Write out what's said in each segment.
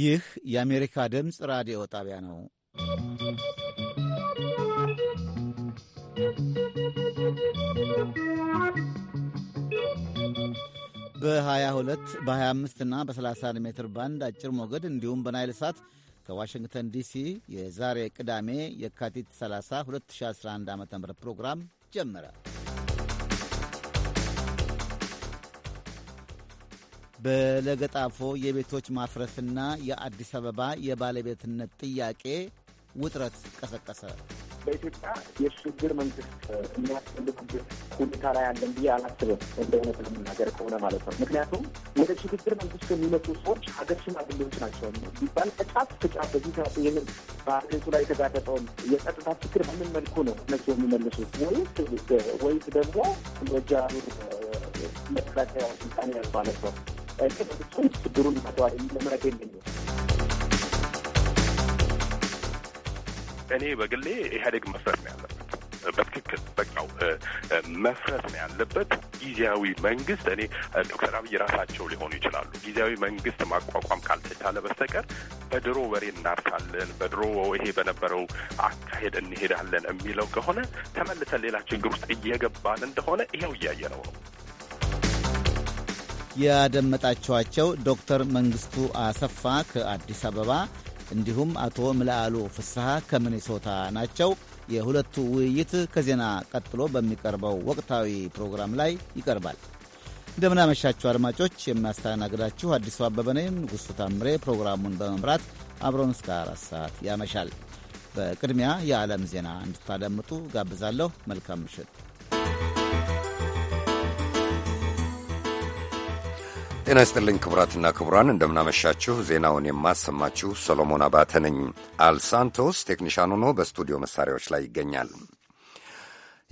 ይህ የአሜሪካ ድምፅ ራዲዮ ጣቢያ ነው። በ22 በ25 እና በ31 ሜትር ባንድ አጭር ሞገድ እንዲሁም በናይል ሳት ከዋሽንግተን ዲሲ የዛሬ ቅዳሜ የካቲት 30 2011 ዓ ም ፕሮግራም ጀመረ። በለገጣፎ የቤቶች ማፍረስና የአዲስ አበባ የባለቤትነት ጥያቄ ውጥረት ቀሰቀሰ። በኢትዮጵያ የሽግግር መንግስት የሚያስፈልጉበት ሁኔታ ላይ አለን ብዬ አላስብም፣ እንደ እውነት ለመናገር ከሆነ ማለት ነው። ምክንያቱም ወደ ሽግግር መንግስት የሚመጡ ሰዎች ሀገር ሽማግሌዎች ናቸው ቢባል ከጫፍ ከጫፍ በዚህ ሰዓት ይህን በሀገሪቱ ላይ የተጋረጠውን የጸጥታ ችግር በምን መልኩ ነው እነሱ የሚመልሱት? ወይስ ወይስ ደግሞ ወጃሩ መከላከያ ስልጣን ማለት ነው ችግሩን ይፈተዋል ለመረገ የሚል እኔ በግሌ ኢህአዴግ መፍረት ነው ያለበት። በትክክል በቃው መፍረት ነው ያለበት። ጊዜያዊ መንግስት እኔ ዶክተር አብይ ራሳቸው ሊሆኑ ይችላሉ። ጊዜያዊ መንግስት ማቋቋም ካልተቻለ በስተቀር በድሮ ወሬ እናርሳለን፣ በድሮ ይሄ በነበረው አካሄድ እንሄዳለን የሚለው ከሆነ ተመልሰን ሌላ ችግር ውስጥ እየገባን እንደሆነ ይኸው እያየ ነው ነው ያደመጣችኋቸው ዶክተር መንግስቱ አሰፋ ከአዲስ አበባ እንዲሁም አቶ ምልአሉ ፍስሐ ከሚኒሶታ ናቸው። የሁለቱ ውይይት ከዜና ቀጥሎ በሚቀርበው ወቅታዊ ፕሮግራም ላይ ይቀርባል። እንደምናመሻችሁ አድማጮች፣ የሚያስተናግዳችሁ አዲሱ አበበ ነኝ። ንጉሡ ታምሬ ፕሮግራሙን በመምራት አብሮን እስከ አራት ሰዓት ያመሻል። በቅድሚያ የዓለም ዜና እንድታዳምጡ ጋብዛለሁ። መልካም ምሽት። ጤና ይስጥልኝ ክቡራትና ክቡራን፣ እንደምናመሻችሁ። ዜናውን የማሰማችሁ ሰሎሞን አባተ ነኝ። አልሳንቶስ ቴክኒሻን ሆኖ በስቱዲዮ መሳሪያዎች ላይ ይገኛል።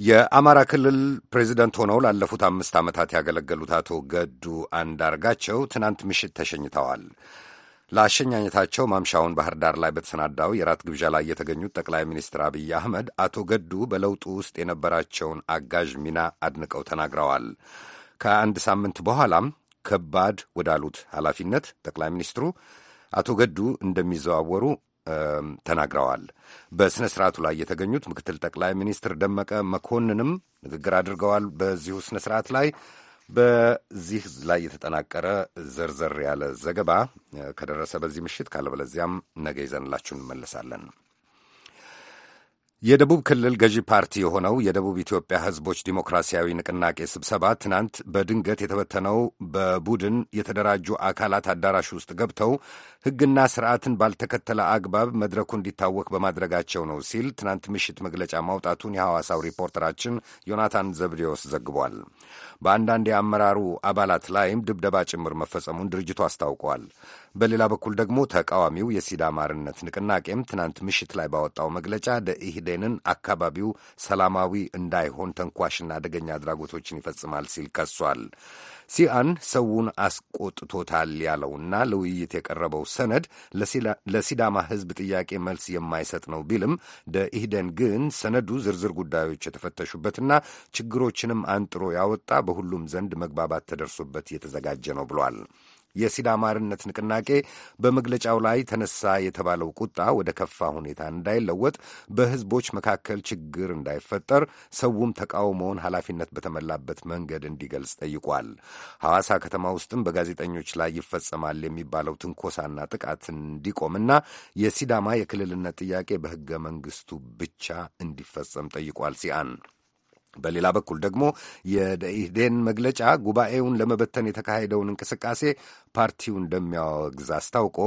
የአማራ ክልል ፕሬዚደንት ሆነው ላለፉት አምስት ዓመታት ያገለገሉት አቶ ገዱ አንዳርጋቸው ትናንት ምሽት ተሸኝተዋል። ለአሸኛኘታቸው ማምሻውን ባህር ዳር ላይ በተሰናዳው የራት ግብዣ ላይ የተገኙት ጠቅላይ ሚኒስትር አብይ አህመድ አቶ ገዱ በለውጡ ውስጥ የነበራቸውን አጋዥ ሚና አድንቀው ተናግረዋል። ከአንድ ሳምንት በኋላም ከባድ ወዳሉት ኃላፊነት ጠቅላይ ሚኒስትሩ አቶ ገዱ እንደሚዘዋወሩ ተናግረዋል። በሥነ ሥርዓቱ ላይ የተገኙት ምክትል ጠቅላይ ሚኒስትር ደመቀ መኮንንም ንግግር አድርገዋል። በዚሁ ሥነ ሥርዓት ላይ በዚህ ላይ የተጠናቀረ ዘርዘር ያለ ዘገባ ከደረሰ በዚህ ምሽት ካለበለዚያም ነገ ይዘንላችሁ እንመለሳለን። የደቡብ ክልል ገዢ ፓርቲ የሆነው የደቡብ ኢትዮጵያ ሕዝቦች ዲሞክራሲያዊ ንቅናቄ ስብሰባ ትናንት በድንገት የተበተነው በቡድን የተደራጁ አካላት አዳራሽ ውስጥ ገብተው ሕግና ስርዓትን ባልተከተለ አግባብ መድረኩ እንዲታወክ በማድረጋቸው ነው ሲል ትናንት ምሽት መግለጫ ማውጣቱን የሐዋሳው ሪፖርተራችን ዮናታን ዘብዴዎስ ዘግቧል። በአንዳንድ የአመራሩ አባላት ላይም ድብደባ ጭምር መፈጸሙን ድርጅቱ አስታውቋል። በሌላ በኩል ደግሞ ተቃዋሚው የሲዳማ አርነት ንቅናቄም ትናንት ምሽት ላይ ባወጣው መግለጫ ደኢህዴንን አካባቢው ሰላማዊ እንዳይሆን ተንኳሽና አደገኛ አድራጎቶችን ይፈጽማል ሲል ከሷል። ሲአን ሰውን አስቆጥቶታል ያለውና ለውይይት የቀረበው ሰነድ ለሲዳማ ሕዝብ ጥያቄ መልስ የማይሰጥ ነው ቢልም ደኢህደን ግን ሰነዱ ዝርዝር ጉዳዮች የተፈተሹበትና ችግሮችንም አንጥሮ ያወጣ በሁሉም ዘንድ መግባባት ተደርሶበት የተዘጋጀ ነው ብሏል። የሲዳማርነት ንቅናቄ በመግለጫው ላይ ተነሳ የተባለው ቁጣ ወደ ከፋ ሁኔታ እንዳይለወጥ፣ በህዝቦች መካከል ችግር እንዳይፈጠር፣ ሰውም ተቃውሞውን ኃላፊነት በተሞላበት መንገድ እንዲገልጽ ጠይቋል። ሐዋሳ ከተማ ውስጥም በጋዜጠኞች ላይ ይፈጸማል የሚባለው ትንኮሳና ጥቃት እንዲቆምና የሲዳማ የክልልነት ጥያቄ በህገ መንግስቱ ብቻ እንዲፈጸም ጠይቋል ሲአን በሌላ በኩል ደግሞ የደኢህዴን መግለጫ ጉባኤውን ለመበተን የተካሄደውን እንቅስቃሴ ፓርቲው እንደሚያወግዝ አስታውቆ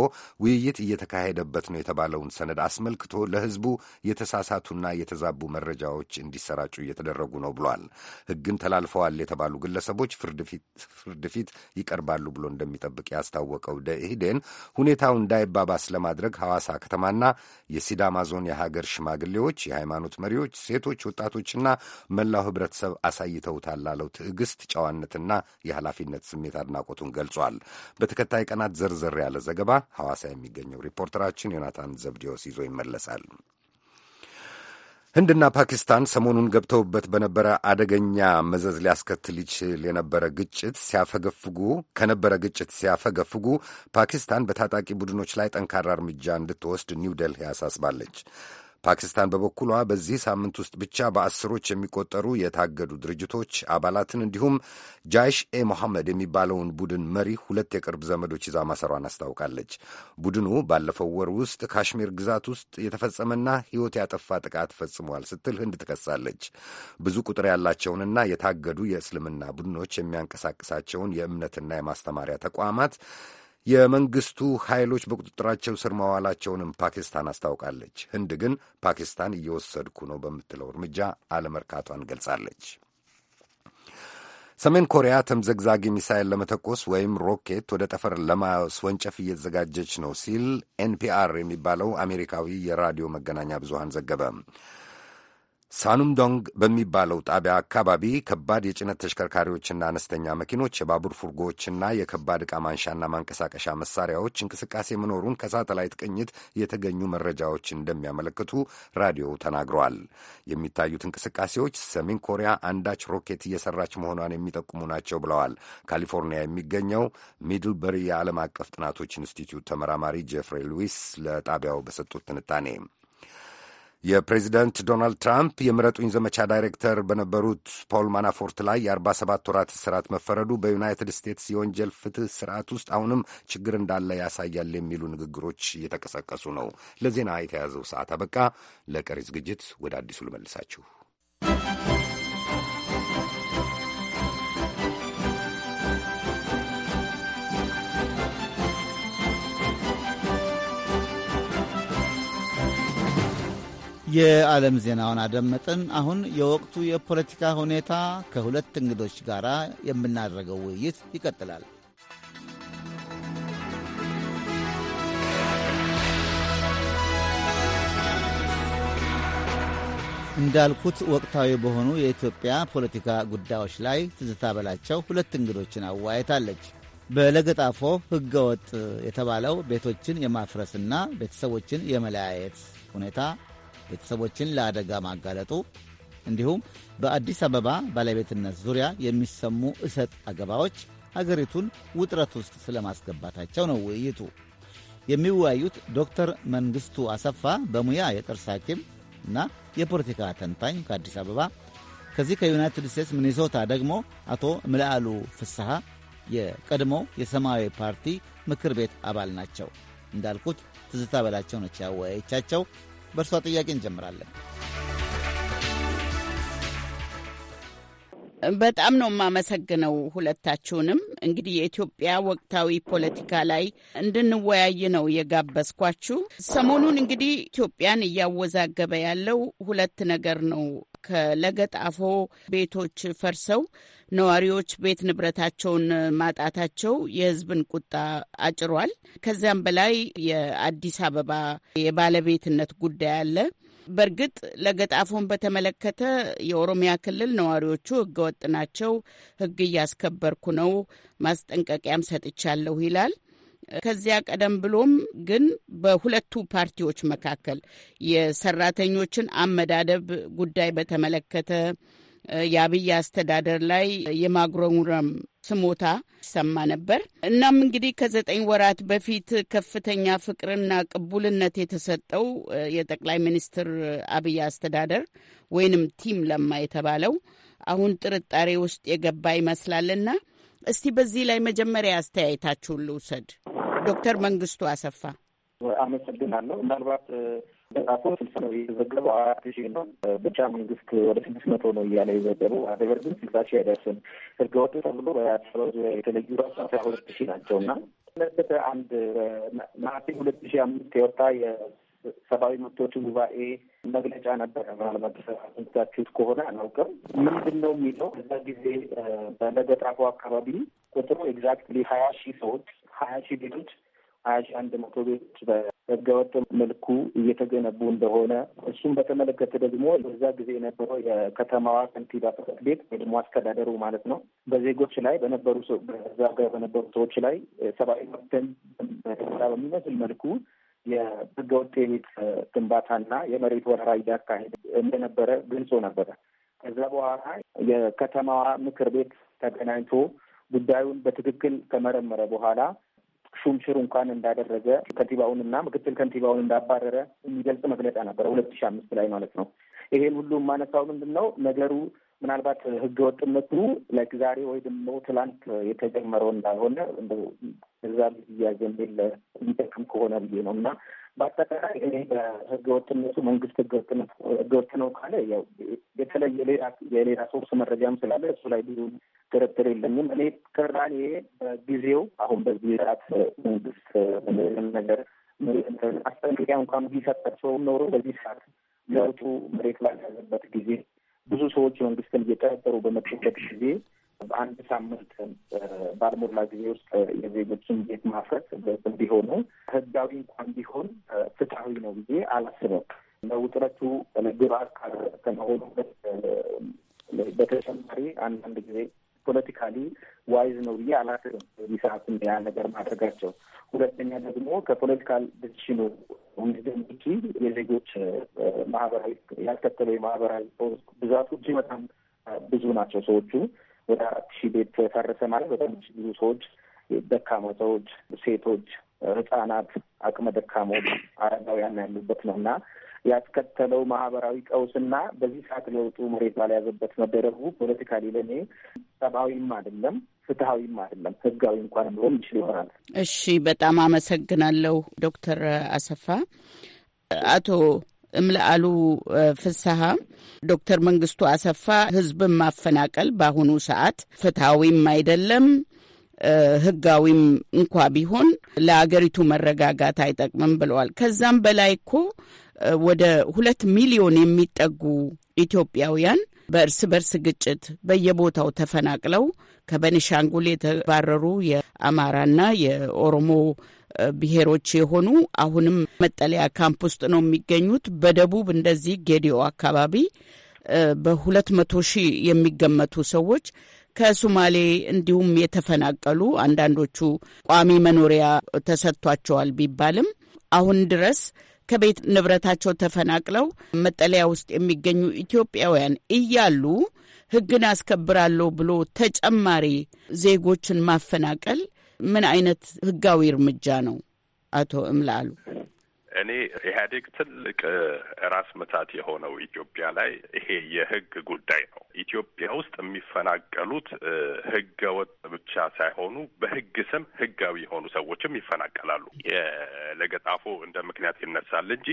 ውይይት እየተካሄደበት ነው የተባለውን ሰነድ አስመልክቶ ለሕዝቡ የተሳሳቱና የተዛቡ መረጃዎች እንዲሰራጩ እየተደረጉ ነው ብሏል። ሕግን ተላልፈዋል የተባሉ ግለሰቦች ፍርድ ፊት ይቀርባሉ ብሎ እንደሚጠብቅ ያስታወቀው ደኢህዴን ሁኔታው እንዳይባባስ ለማድረግ ሐዋሳ ከተማና የሲዳማ ዞን የሀገር ሽማግሌዎች፣ የሃይማኖት መሪዎች፣ ሴቶች፣ ወጣቶችና መላ ለመላው ህብረተሰብ አሳይተውታል ላለው ትዕግስት፣ ጨዋነትና የኃላፊነት ስሜት አድናቆቱን ገልጿል። በተከታይ ቀናት ዘርዘር ያለ ዘገባ ሐዋሳ የሚገኘው ሪፖርተራችን ዮናታን ዘብዴዎስ ይዞ ይመለሳል። ህንድና ፓኪስታን ሰሞኑን ገብተውበት በነበረ አደገኛ መዘዝ ሊያስከትል ይችል የነበረ ግጭት ሲያፈገፍጉ ከነበረ ግጭት ሲያፈገፍጉ ፓኪስታን በታጣቂ ቡድኖች ላይ ጠንካራ እርምጃ እንድትወስድ ኒው ደልሂ አሳስባለች። ፓኪስታን በበኩሏ በዚህ ሳምንት ውስጥ ብቻ በአስሮች የሚቆጠሩ የታገዱ ድርጅቶች አባላትን እንዲሁም ጃይሽ ኤ ሞሐመድ የሚባለውን ቡድን መሪ ሁለት የቅርብ ዘመዶች ይዛ ማሰሯን አስታውቃለች። ቡድኑ ባለፈው ወር ውስጥ ካሽሚር ግዛት ውስጥ የተፈጸመና ሕይወት ያጠፋ ጥቃት ፈጽሟል ስትል ህንድ ትከሳለች። ብዙ ቁጥር ያላቸውንና የታገዱ የእስልምና ቡድኖች የሚያንቀሳቅሳቸውን የእምነትና የማስተማሪያ ተቋማት የመንግስቱ ኃይሎች በቁጥጥራቸው ስር መዋላቸውንም ፓኪስታን አስታውቃለች። ህንድ ግን ፓኪስታን እየወሰድኩ ነው በምትለው እርምጃ አለመርካቷን ገልጻለች። ሰሜን ኮሪያ ተምዘግዛጊ ሚሳይል ለመተኮስ ወይም ሮኬት ወደ ጠፈር ለማስወንጨፍ እየተዘጋጀች ነው ሲል ኤንፒአር የሚባለው አሜሪካዊ የራዲዮ መገናኛ ብዙሃን ዘገበ። ሳኑምዶንግ በሚባለው ጣቢያ አካባቢ ከባድ የጭነት ተሽከርካሪዎችና አነስተኛ መኪኖች፣ የባቡር ፉርጎዎችና የከባድ ዕቃ ማንሻና ማንቀሳቀሻ መሳሪያዎች እንቅስቃሴ መኖሩን ከሳተላይት ቅኝት የተገኙ መረጃዎች እንደሚያመለክቱ ራዲዮው ተናግረዋል። የሚታዩት እንቅስቃሴዎች ሰሜን ኮሪያ አንዳች ሮኬት እየሰራች መሆኗን የሚጠቁሙ ናቸው ብለዋል። ካሊፎርኒያ የሚገኘው ሚድልበሪ የዓለም አቀፍ ጥናቶች ኢንስቲትዩት ተመራማሪ ጄፍሬ ሉዊስ ለጣቢያው በሰጡት ትንታኔ የፕሬዚደንት ዶናልድ ትራምፕ የምረጡኝ ዘመቻ ዳይሬክተር በነበሩት ፖል ማናፎርት ላይ የ47 ወራት እስራት መፈረዱ በዩናይትድ ስቴትስ የወንጀል ፍትህ ስርዓት ውስጥ አሁንም ችግር እንዳለ ያሳያል የሚሉ ንግግሮች እየተቀሰቀሱ ነው። ለዜና የተያዘው ሰዓት አበቃ። ለቀሪ ዝግጅት ወደ አዲሱ ልመልሳችሁ። የዓለም ዜናውን አደመጥን። አሁን የወቅቱ የፖለቲካ ሁኔታ ከሁለት እንግዶች ጋር የምናደርገው ውይይት ይቀጥላል። እንዳልኩት ወቅታዊ በሆኑ የኢትዮጵያ ፖለቲካ ጉዳዮች ላይ ትዝታ በላቸው ሁለት እንግዶችን አወያይታለች። በለገጣፎ ወጥ የተባለው ቤቶችን የማፍረስና ቤተሰቦችን የመለያየት ሁኔታ ቤተሰቦችን ለአደጋ ማጋለጡ እንዲሁም በአዲስ አበባ ባለቤትነት ዙሪያ የሚሰሙ እሰጥ አገባዎች አገሪቱን ውጥረት ውስጥ ስለማስገባታቸው ነው ውይይቱ። የሚወያዩት ዶክተር መንግሥቱ አሰፋ በሙያ የጥርስ ሐኪም እና የፖለቲካ ተንታኝ ከአዲስ አበባ፣ ከዚህ ከዩናይትድ ስቴትስ ሚኒሶታ ደግሞ አቶ ምልአሉ ፍስሐ የቀድሞ የሰማያዊ ፓርቲ ምክር ቤት አባል ናቸው። እንዳልኩት ትዝታ በላቸው ነች ያወያየቻቸው። በእርሷ ጥያቄ እንጀምራለን። በጣም ነው የማመሰግነው ሁለታችሁንም። እንግዲህ የኢትዮጵያ ወቅታዊ ፖለቲካ ላይ እንድንወያይ ነው የጋበዝኳችሁ። ሰሞኑን እንግዲህ ኢትዮጵያን እያወዛገበ ያለው ሁለት ነገር ነው። ከለገጣፎ ቤቶች ፈርሰው ነዋሪዎች ቤት ንብረታቸውን ማጣታቸው የሕዝብን ቁጣ አጭሯል። ከዚያም በላይ የአዲስ አበባ የባለቤትነት ጉዳይ አለ። በእርግጥ ለገጣፎን በተመለከተ የኦሮሚያ ክልል ነዋሪዎቹ ህገወጥ ናቸው፣ ህግ እያስከበርኩ ነው፣ ማስጠንቀቂያም ሰጥቻለሁ ይላል። ከዚያ ቀደም ብሎም ግን በሁለቱ ፓርቲዎች መካከል የሰራተኞችን አመዳደብ ጉዳይ በተመለከተ የአብይ አስተዳደር ላይ የማጉረምረም ስሞታ ይሰማ ነበር። እናም እንግዲህ ከዘጠኝ ወራት በፊት ከፍተኛ ፍቅርና ቅቡልነት የተሰጠው የጠቅላይ ሚኒስትር አብይ አስተዳደር ወይንም ቲም ለማ የተባለው አሁን ጥርጣሬ ውስጥ የገባ ይመስላልና እስቲ በዚህ ላይ መጀመሪያ አስተያየታችሁን ልውሰድ። ዶክተር መንግስቱ አሰፋ አመሰግናለሁ። ምናልባት በጣፎ ስልሳ ነው እየተዘገበው አራት ሺህ ነው ብቻ መንግስት ወደ ስድስት መቶ ነው እያለ የዘገበው አገበር ግን ስልሳ ሺህ አይደርስም። ህገ ወጥ ተብሎ በአዲስ አበባ ዙሪያ የተለዩ ራሱ አስራ ሁለት ሺህ ናቸው እና ለበተ አንድ ነሐሴ ሁለት ሺህ አምስት የወጣ የሰብአዊ መብቶች ጉባኤ መግለጫ ነበረ። ምናልባት ሰምታችሁት ከሆነ አናውቅም። ምንድን ነው የሚለው እዛ ጊዜ በለገጣፎ አካባቢ ቁጥሩ ኤግዛክትሊ ሀያ ሺህ ሰዎች ሀያ ሺህ ቤቶች ሀያ ሺህ አንድ መቶ ቤቶች በህገወጥ መልኩ እየተገነቡ እንደሆነ እሱም በተመለከተ ደግሞ በዛ ጊዜ የነበረው የከተማዋ ከንቲባ ጽሕፈት ቤት ወይ ደግሞ አስተዳደሩ ማለት ነው በዜጎች ላይ በነበሩ በዛ ጋር በነበሩ ሰዎች ላይ ሰብአዊ መብትን በተላ በሚመስል መልኩ የህገወጥ የቤት ግንባታና የመሬት ወረራ እያካሄድ እንደነበረ ግልጾ ነበረ። ከዛ በኋላ የከተማዋ ምክር ቤት ተገናኝቶ ጉዳዩን በትክክል ከመረመረ በኋላ ሹም ሽር እንኳን እንዳደረገ ከንቲባውንና ምክትል ከንቲባውን እንዳባረረ የሚገልጽ መግለጫ ነበረ ሁለት ሺህ አምስት ላይ ማለት ነው። ይሄን ሁሉ የማነሳው ምንድን ነው ነገሩ ምናልባት ህገወጥነቱ ላይክ ዛሬ ወይ ደሞ ትላንት የተጀመረው እንዳልሆነ እዛ ልያዝ የሚል የሚጠቅም ከሆነ ብዬ ነው እና በአጠቃላይ እኔ በህገወጥነቱ መንግስት ወጥ ነው ካለ ያው የተለየ ሌላ የሌላ ሶርስ መረጃም ስላለ እሱ ላይ ብዙ ጥርጥር የለኝም። እኔ ቅራኔ በጊዜው አሁን በዚህ ሰዓት መንግስት ምንም ነገር አስጠንቀቂያ እንኳን ቢሰጣቸውም ኖሮ በዚህ ሰዓት ለውጡ መሬት ባልያዘበት ጊዜ ብዙ ሰዎች መንግስትን እየጠረጠሩ በመጡበት ጊዜ በአንድ ሳምንት ባልሞላ ጊዜ ውስጥ የዜጎችን ቤት ማፍረት እንዲሆኑ ህጋዊ እንኳን ቢሆን ፍትሐዊ ነው ብዬ አላስብም። ለውጥረቱ ግብአት ከመሆኑ በተጨማሪ አንዳንድ ጊዜ ፖለቲካሊ ዋይዝ ነው ብዬ አላስብም። ሚስራትን ያ ነገር ማድረጋቸው። ሁለተኛ ደግሞ ከፖለቲካል ዲሲሽኑ ወንድም ውጪ የዜጎች ማህበራዊ ያልከተለው የማህበራዊ ብዛቱ እጅ በጣም ብዙ ናቸው ሰዎቹ። ወደ አራት ሺህ ቤት ተፈረሰ ማለት በጣም እጅ ብዙ ሰዎች፣ ደካማ ሰዎች፣ ሴቶች፣ ህጻናት፣ አቅመ ደካሞች፣ አረጋውያን ያሉበት ነው እና ያስከተለው ማህበራዊ ቀውስና በዚህ ሰዓት ለውጡ መሬት ባልያዘበት መደረጉ ፖለቲካሊ ለእኔ ሰብአዊም አይደለም ፍትሀዊም አይደለም ህጋዊ እንኳን ብሎም ይችል ይሆናል። እሺ፣ በጣም አመሰግናለሁ ዶክተር አሰፋ። አቶ እምለአሉ ፍስሀ ዶክተር መንግስቱ አሰፋ ህዝብን ማፈናቀል በአሁኑ ሰዓት ፍትሀዊም አይደለም ህጋዊም እንኳ ቢሆን ለአገሪቱ መረጋጋት አይጠቅምም ብለዋል። ከዛም በላይ እኮ ወደ ሁለት ሚሊዮን የሚጠጉ ኢትዮጵያውያን በእርስ በርስ ግጭት በየቦታው ተፈናቅለው ከበኒሻንጉል የተባረሩ የአማራና የኦሮሞ ብሔሮች የሆኑ አሁንም መጠለያ ካምፕ ውስጥ ነው የሚገኙት። በደቡብ እንደዚህ ጌዲኦ አካባቢ በሁለት መቶ ሺህ የሚገመቱ ሰዎች ከሱማሌ እንዲሁም የተፈናቀሉ አንዳንዶቹ ቋሚ መኖሪያ ተሰጥቷቸዋል ቢባልም አሁን ድረስ ከቤት ንብረታቸው ተፈናቅለው መጠለያ ውስጥ የሚገኙ ኢትዮጵያውያን እያሉ ሕግን አስከብራለሁ ብሎ ተጨማሪ ዜጎችን ማፈናቀል ምን አይነት ሕጋዊ እርምጃ ነው? አቶ እምለአሉ እኔ ኢህአዴግ ትልቅ ራስ ምታት የሆነው ኢትዮጵያ ላይ ይሄ የህግ ጉዳይ ነው። ኢትዮጵያ ውስጥ የሚፈናቀሉት ህገ ወጥ ብቻ ሳይሆኑ በህግ ስም ህጋዊ የሆኑ ሰዎችም ይፈናቀላሉ። ለገጣፎ እንደ ምክንያት ይነሳል እንጂ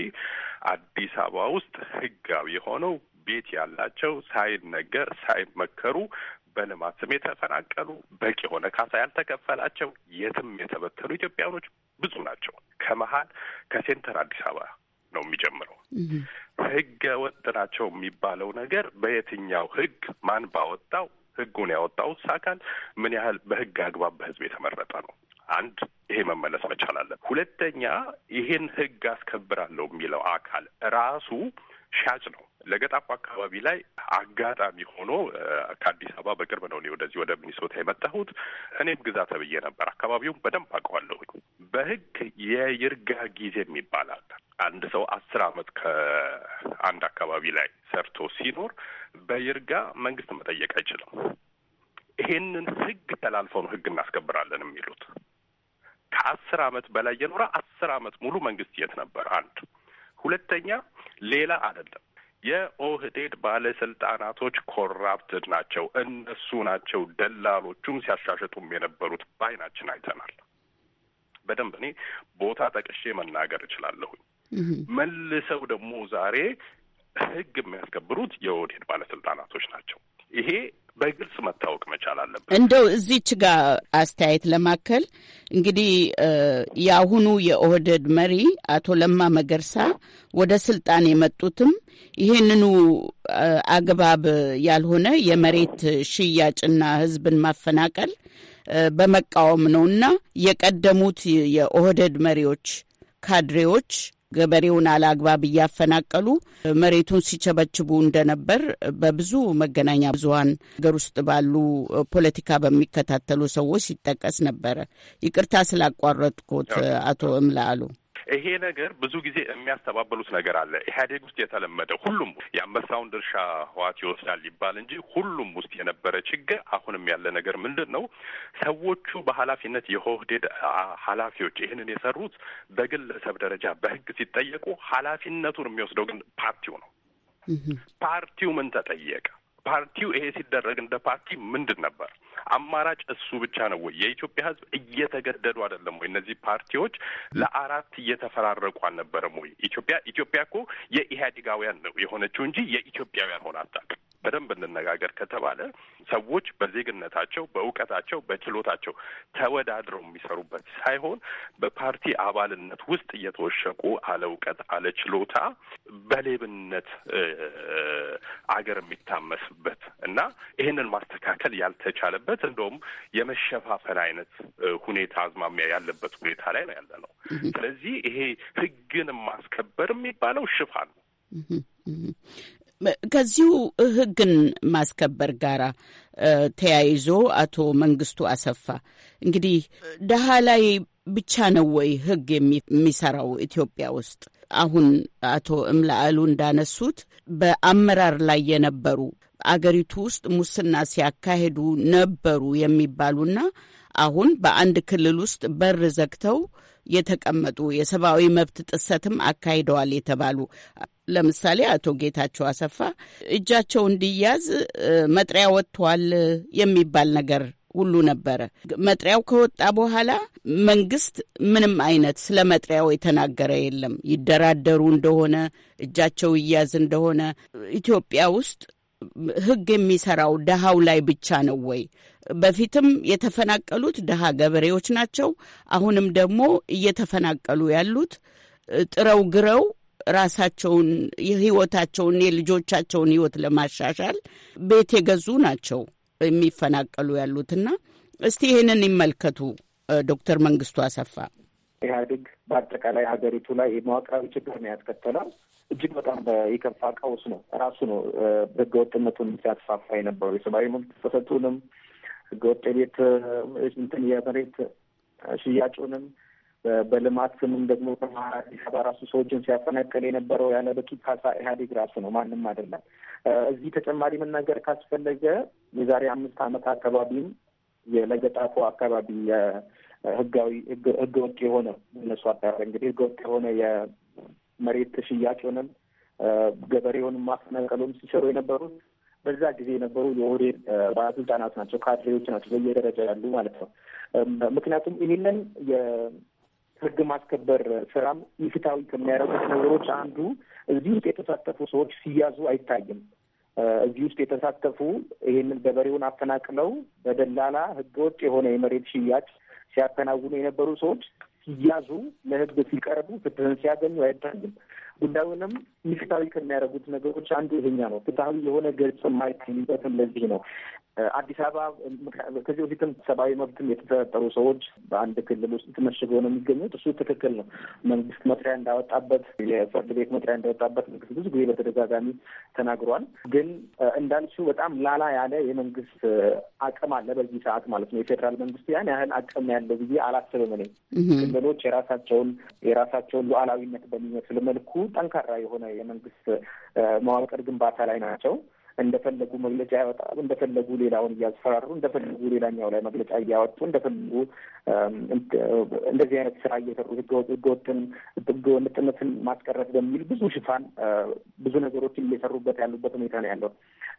አዲስ አበባ ውስጥ ህጋዊ የሆነው ቤት ያላቸው ሳይነገር ሳይመከሩ በልማት ስም የተፈናቀሉ በቂ የሆነ ካሳ ያልተከፈላቸው የትም የተበተኑ ኢትዮጵያውያኖች ብዙ ናቸው። ከመሀል ከሴንተር አዲስ አበባ ነው የሚጀምረው። ህገ ወጥ ናቸው የሚባለው ነገር በየትኛው ህግ ማን ባወጣው ህጉን ያወጣው አካል ምን ያህል በህግ አግባብ በህዝብ የተመረጠ ነው? አንድ ይሄ መመለስ መቻል አለን። ሁለተኛ ይህን ህግ አስከብራለሁ የሚለው አካል ራሱ ሻጭ ነው። ለገጣፎ አካባቢ ላይ አጋጣሚ ሆኖ ከአዲስ አበባ በቅርብ ነው እኔ ወደዚህ ወደ ሚኒሶታ የመጣሁት። እኔም ግዛ ተብዬ ነበር። አካባቢውም በደንብ አውቀዋለሁ። በህግ የይርጋ ጊዜ የሚባል አለ። አንድ ሰው አስር ዓመት ከአንድ አካባቢ ላይ ሰርቶ ሲኖር በይርጋ መንግስት መጠየቅ አይችልም። ይሄንን ህግ ተላልፈው ነው ህግ እናስከብራለን የሚሉት። ከአስር ዓመት በላይ የኖረ አስር ዓመት ሙሉ መንግስት የት ነበር? አንድ ሁለተኛ ሌላ አይደለም የኦህዴድ ባለስልጣናቶች ኮራፕትድ ናቸው፣ እነሱ ናቸው ደላሎቹም ሲያሻሸጡም የነበሩት ባይናችን አይተናል። በደንብ እኔ ቦታ ጠቅሼ መናገር እችላለሁኝ። መልሰው ደግሞ ዛሬ ህግ የሚያስከብሩት የኦህዴድ ባለስልጣናቶች ናቸው። ይሄ በግልጽ መታወቅ መቻል አለበት። እንደው እዚች ጋር አስተያየት ለማከል እንግዲህ የአሁኑ የኦህደድ መሪ አቶ ለማ መገርሳ ወደ ስልጣን የመጡትም ይህንኑ አግባብ ያልሆነ የመሬት ሽያጭና ህዝብን ማፈናቀል በመቃወም ነውና የቀደሙት የኦህደድ መሪዎች ካድሬዎች ገበሬውን አላግባብ እያፈናቀሉ መሬቱን ሲቸበችቡ እንደነበር በብዙ መገናኛ ብዙኃን ሀገር ውስጥ ባሉ ፖለቲካ በሚከታተሉ ሰዎች ሲጠቀስ ነበረ። ይቅርታ ስላቋረጥኩት አቶ እምላአሉ። ይሄ ነገር ብዙ ጊዜ የሚያስተባበሉት ነገር አለ። ኢህአዴግ ውስጥ የተለመደ ሁሉም የአንበሳውን ድርሻ ህዋት ይወስዳል ይባል እንጂ ሁሉም ውስጥ የነበረ ችግር አሁንም ያለ ነገር ምንድን ነው? ሰዎቹ በኃላፊነት የኦህዴድ ኃላፊዎች ይህንን የሰሩት በግለሰብ ደረጃ በህግ ሲጠየቁ ኃላፊነቱን የሚወስደው ግን ፓርቲው ነው። ፓርቲው ምን ተጠየቀ? ፓርቲው ይሄ ሲደረግ እንደ ፓርቲ ምንድን ነበር አማራጭ? እሱ ብቻ ነው ወይ? የኢትዮጵያ ሕዝብ እየተገደዱ አይደለም ወይ? እነዚህ ፓርቲዎች ለአራት እየተፈራረቁ አልነበረም ወይ? ኢትዮጵያ ኢትዮጵያ እኮ የኢህአዴጋውያን ነው የሆነችው እንጂ የኢትዮጵያውያን ሆነ አታውቅም። በደንብ እንነጋገር ከተባለ ሰዎች በዜግነታቸው፣ በእውቀታቸው፣ በችሎታቸው ተወዳድረው የሚሰሩበት ሳይሆን በፓርቲ አባልነት ውስጥ እየተወሸቁ አለ እውቀት አለ ችሎታ በሌብነት አገር የሚታመስበት እና ይህንን ማስተካከል ያልተቻለበት እንደውም የመሸፋፈል አይነት ሁኔታ አዝማሚያ ያለበት ሁኔታ ላይ ነው ያለ ነው። ስለዚህ ይሄ ህግን ማስከበር የሚባለው ሽፋን ነው። ከዚሁ ህግን ማስከበር ጋራ ተያይዞ አቶ መንግስቱ አሰፋ እንግዲህ ደሃ ላይ ብቻ ነው ወይ ህግ የሚሰራው ኢትዮጵያ ውስጥ? አሁን አቶ እምላአሉ እንዳነሱት በአመራር ላይ የነበሩ አገሪቱ ውስጥ ሙስና ሲያካሄዱ ነበሩ የሚባሉና አሁን በአንድ ክልል ውስጥ በር ዘግተው የተቀመጡ የሰብአዊ መብት ጥሰትም አካሂደዋል የተባሉ ለምሳሌ አቶ ጌታቸው አሰፋ እጃቸው እንዲያዝ መጥሪያ ወጥቷል የሚባል ነገር ሁሉ ነበረ። መጥሪያው ከወጣ በኋላ መንግስት ምንም አይነት ስለ መጥሪያው የተናገረ የለም። ይደራደሩ እንደሆነ እጃቸው ይያዝ እንደሆነ ኢትዮጵያ ውስጥ ህግ የሚሰራው ደሃው ላይ ብቻ ነው ወይ? በፊትም የተፈናቀሉት ደሃ ገበሬዎች ናቸው። አሁንም ደግሞ እየተፈናቀሉ ያሉት ጥረው ግረው ራሳቸውን ህይወታቸውን የልጆቻቸውን ህይወት ለማሻሻል ቤት የገዙ ናቸው የሚፈናቀሉ ያሉትና እስቲ ይህንን ይመልከቱ ዶክተር መንግስቱ አሰፋ። ኢህአዴግ በአጠቃላይ ሀገሪቱ ላይ የመዋቅራዊ ችግር ነው ያስከተለው። እጅግ በጣም የከፋ ቀውስ ነው። ራሱ ነው ህገወጥነቱን ሲያስፋፋ የነበረው የሰብአዊ መብት ጥሰቱንም ህገወጥ የቤት እንትን የመሬት ሽያጩንም በልማት ስምም ደግሞ አዲስ አበባ ራሱ ሰዎችን ሲያፈናቀል የነበረው ያለ በቂ ካሳ ኢህአዴግ ራሱ ነው፣ ማንም አይደለም። እዚህ ተጨማሪ መናገር ካስፈለገ የዛሬ አምስት ዓመት አካባቢም የለገጣፎ አካባቢ ህጋዊ ህገ ወጥ የሆነ እነሱ አጠራር እንግዲህ ህገ ወጥ የሆነ የመሬት ሽያጭንም ገበሬውንም ማፈናቀሉም ሲሰሩ የነበሩት በዛ ጊዜ የነበሩ የኦህዴድ ባለስልጣናት ናቸው፣ ካድሬዎች ናቸው፣ በየደረጃ ያሉ ማለት ነው። ምክንያቱም ይህንን ህግ ማስከበር ስራም ይፍታዊ ከሚያደርጉት ነገሮች አንዱ እዚህ ውስጥ የተሳተፉ ሰዎች ሲያዙ አይታይም። እዚህ ውስጥ የተሳተፉ ይህንን ገበሬውን አፈናቅለው በደላላ ህገወጥ የሆነ የመሬት ሽያጭ ሲያከናውኑ የነበሩ ሰዎች ሲያዙ፣ ለህግ ሲቀርቡ፣ ፍትህን ሲያገኙ አይታይም። ጉዳዩንም ምክታዊ ከሚያደርጉት ነገሮች አንዱ ይሄኛ ነው። ፍትሀዊ የሆነ ገጽ የማይታይበት ለዚህ ነው። አዲስ አበባ ከዚህ በፊትም ሰብአዊ መብትም የተጠረጠሩ ሰዎች በአንድ ክልል ውስጥ ተመሽገው ነው የሚገኙት። እሱ ትክክል ነው። መንግስት መጥሪያ እንዳወጣበት የፍርድ ቤት መጥሪያ እንዳወጣበት መንግስት ብዙ ጊዜ በተደጋጋሚ ተናግሯል። ግን እንዳልሽው በጣም ላላ ያለ የመንግስት አቅም አለ በዚህ ሰዓት ማለት ነው። የፌዴራል መንግስቱ ያን ያህል አቅም ያለው ጊዜ አላስብም። እኔ ክልሎች የራሳቸውን የራሳቸውን ሉዓላዊነት በሚመስል መልኩ ጠንካራ የሆነ የመንግስት መዋቅር ግንባታ ላይ ናቸው። እንደፈለጉ መግለጫ ያወጣሉ፣ እንደፈለጉ ሌላውን እያስፈራሩ፣ እንደፈለጉ ሌላኛው ላይ መግለጫ እያወጡ፣ እንደፈለጉ እንደዚህ አይነት ስራ እየሰሩ ህገወጥን ህገወጥነትን ማስቀረት በሚል ብዙ ሽፋን ብዙ ነገሮችን እየሰሩበት ያሉበት ሁኔታ ነው ያለው።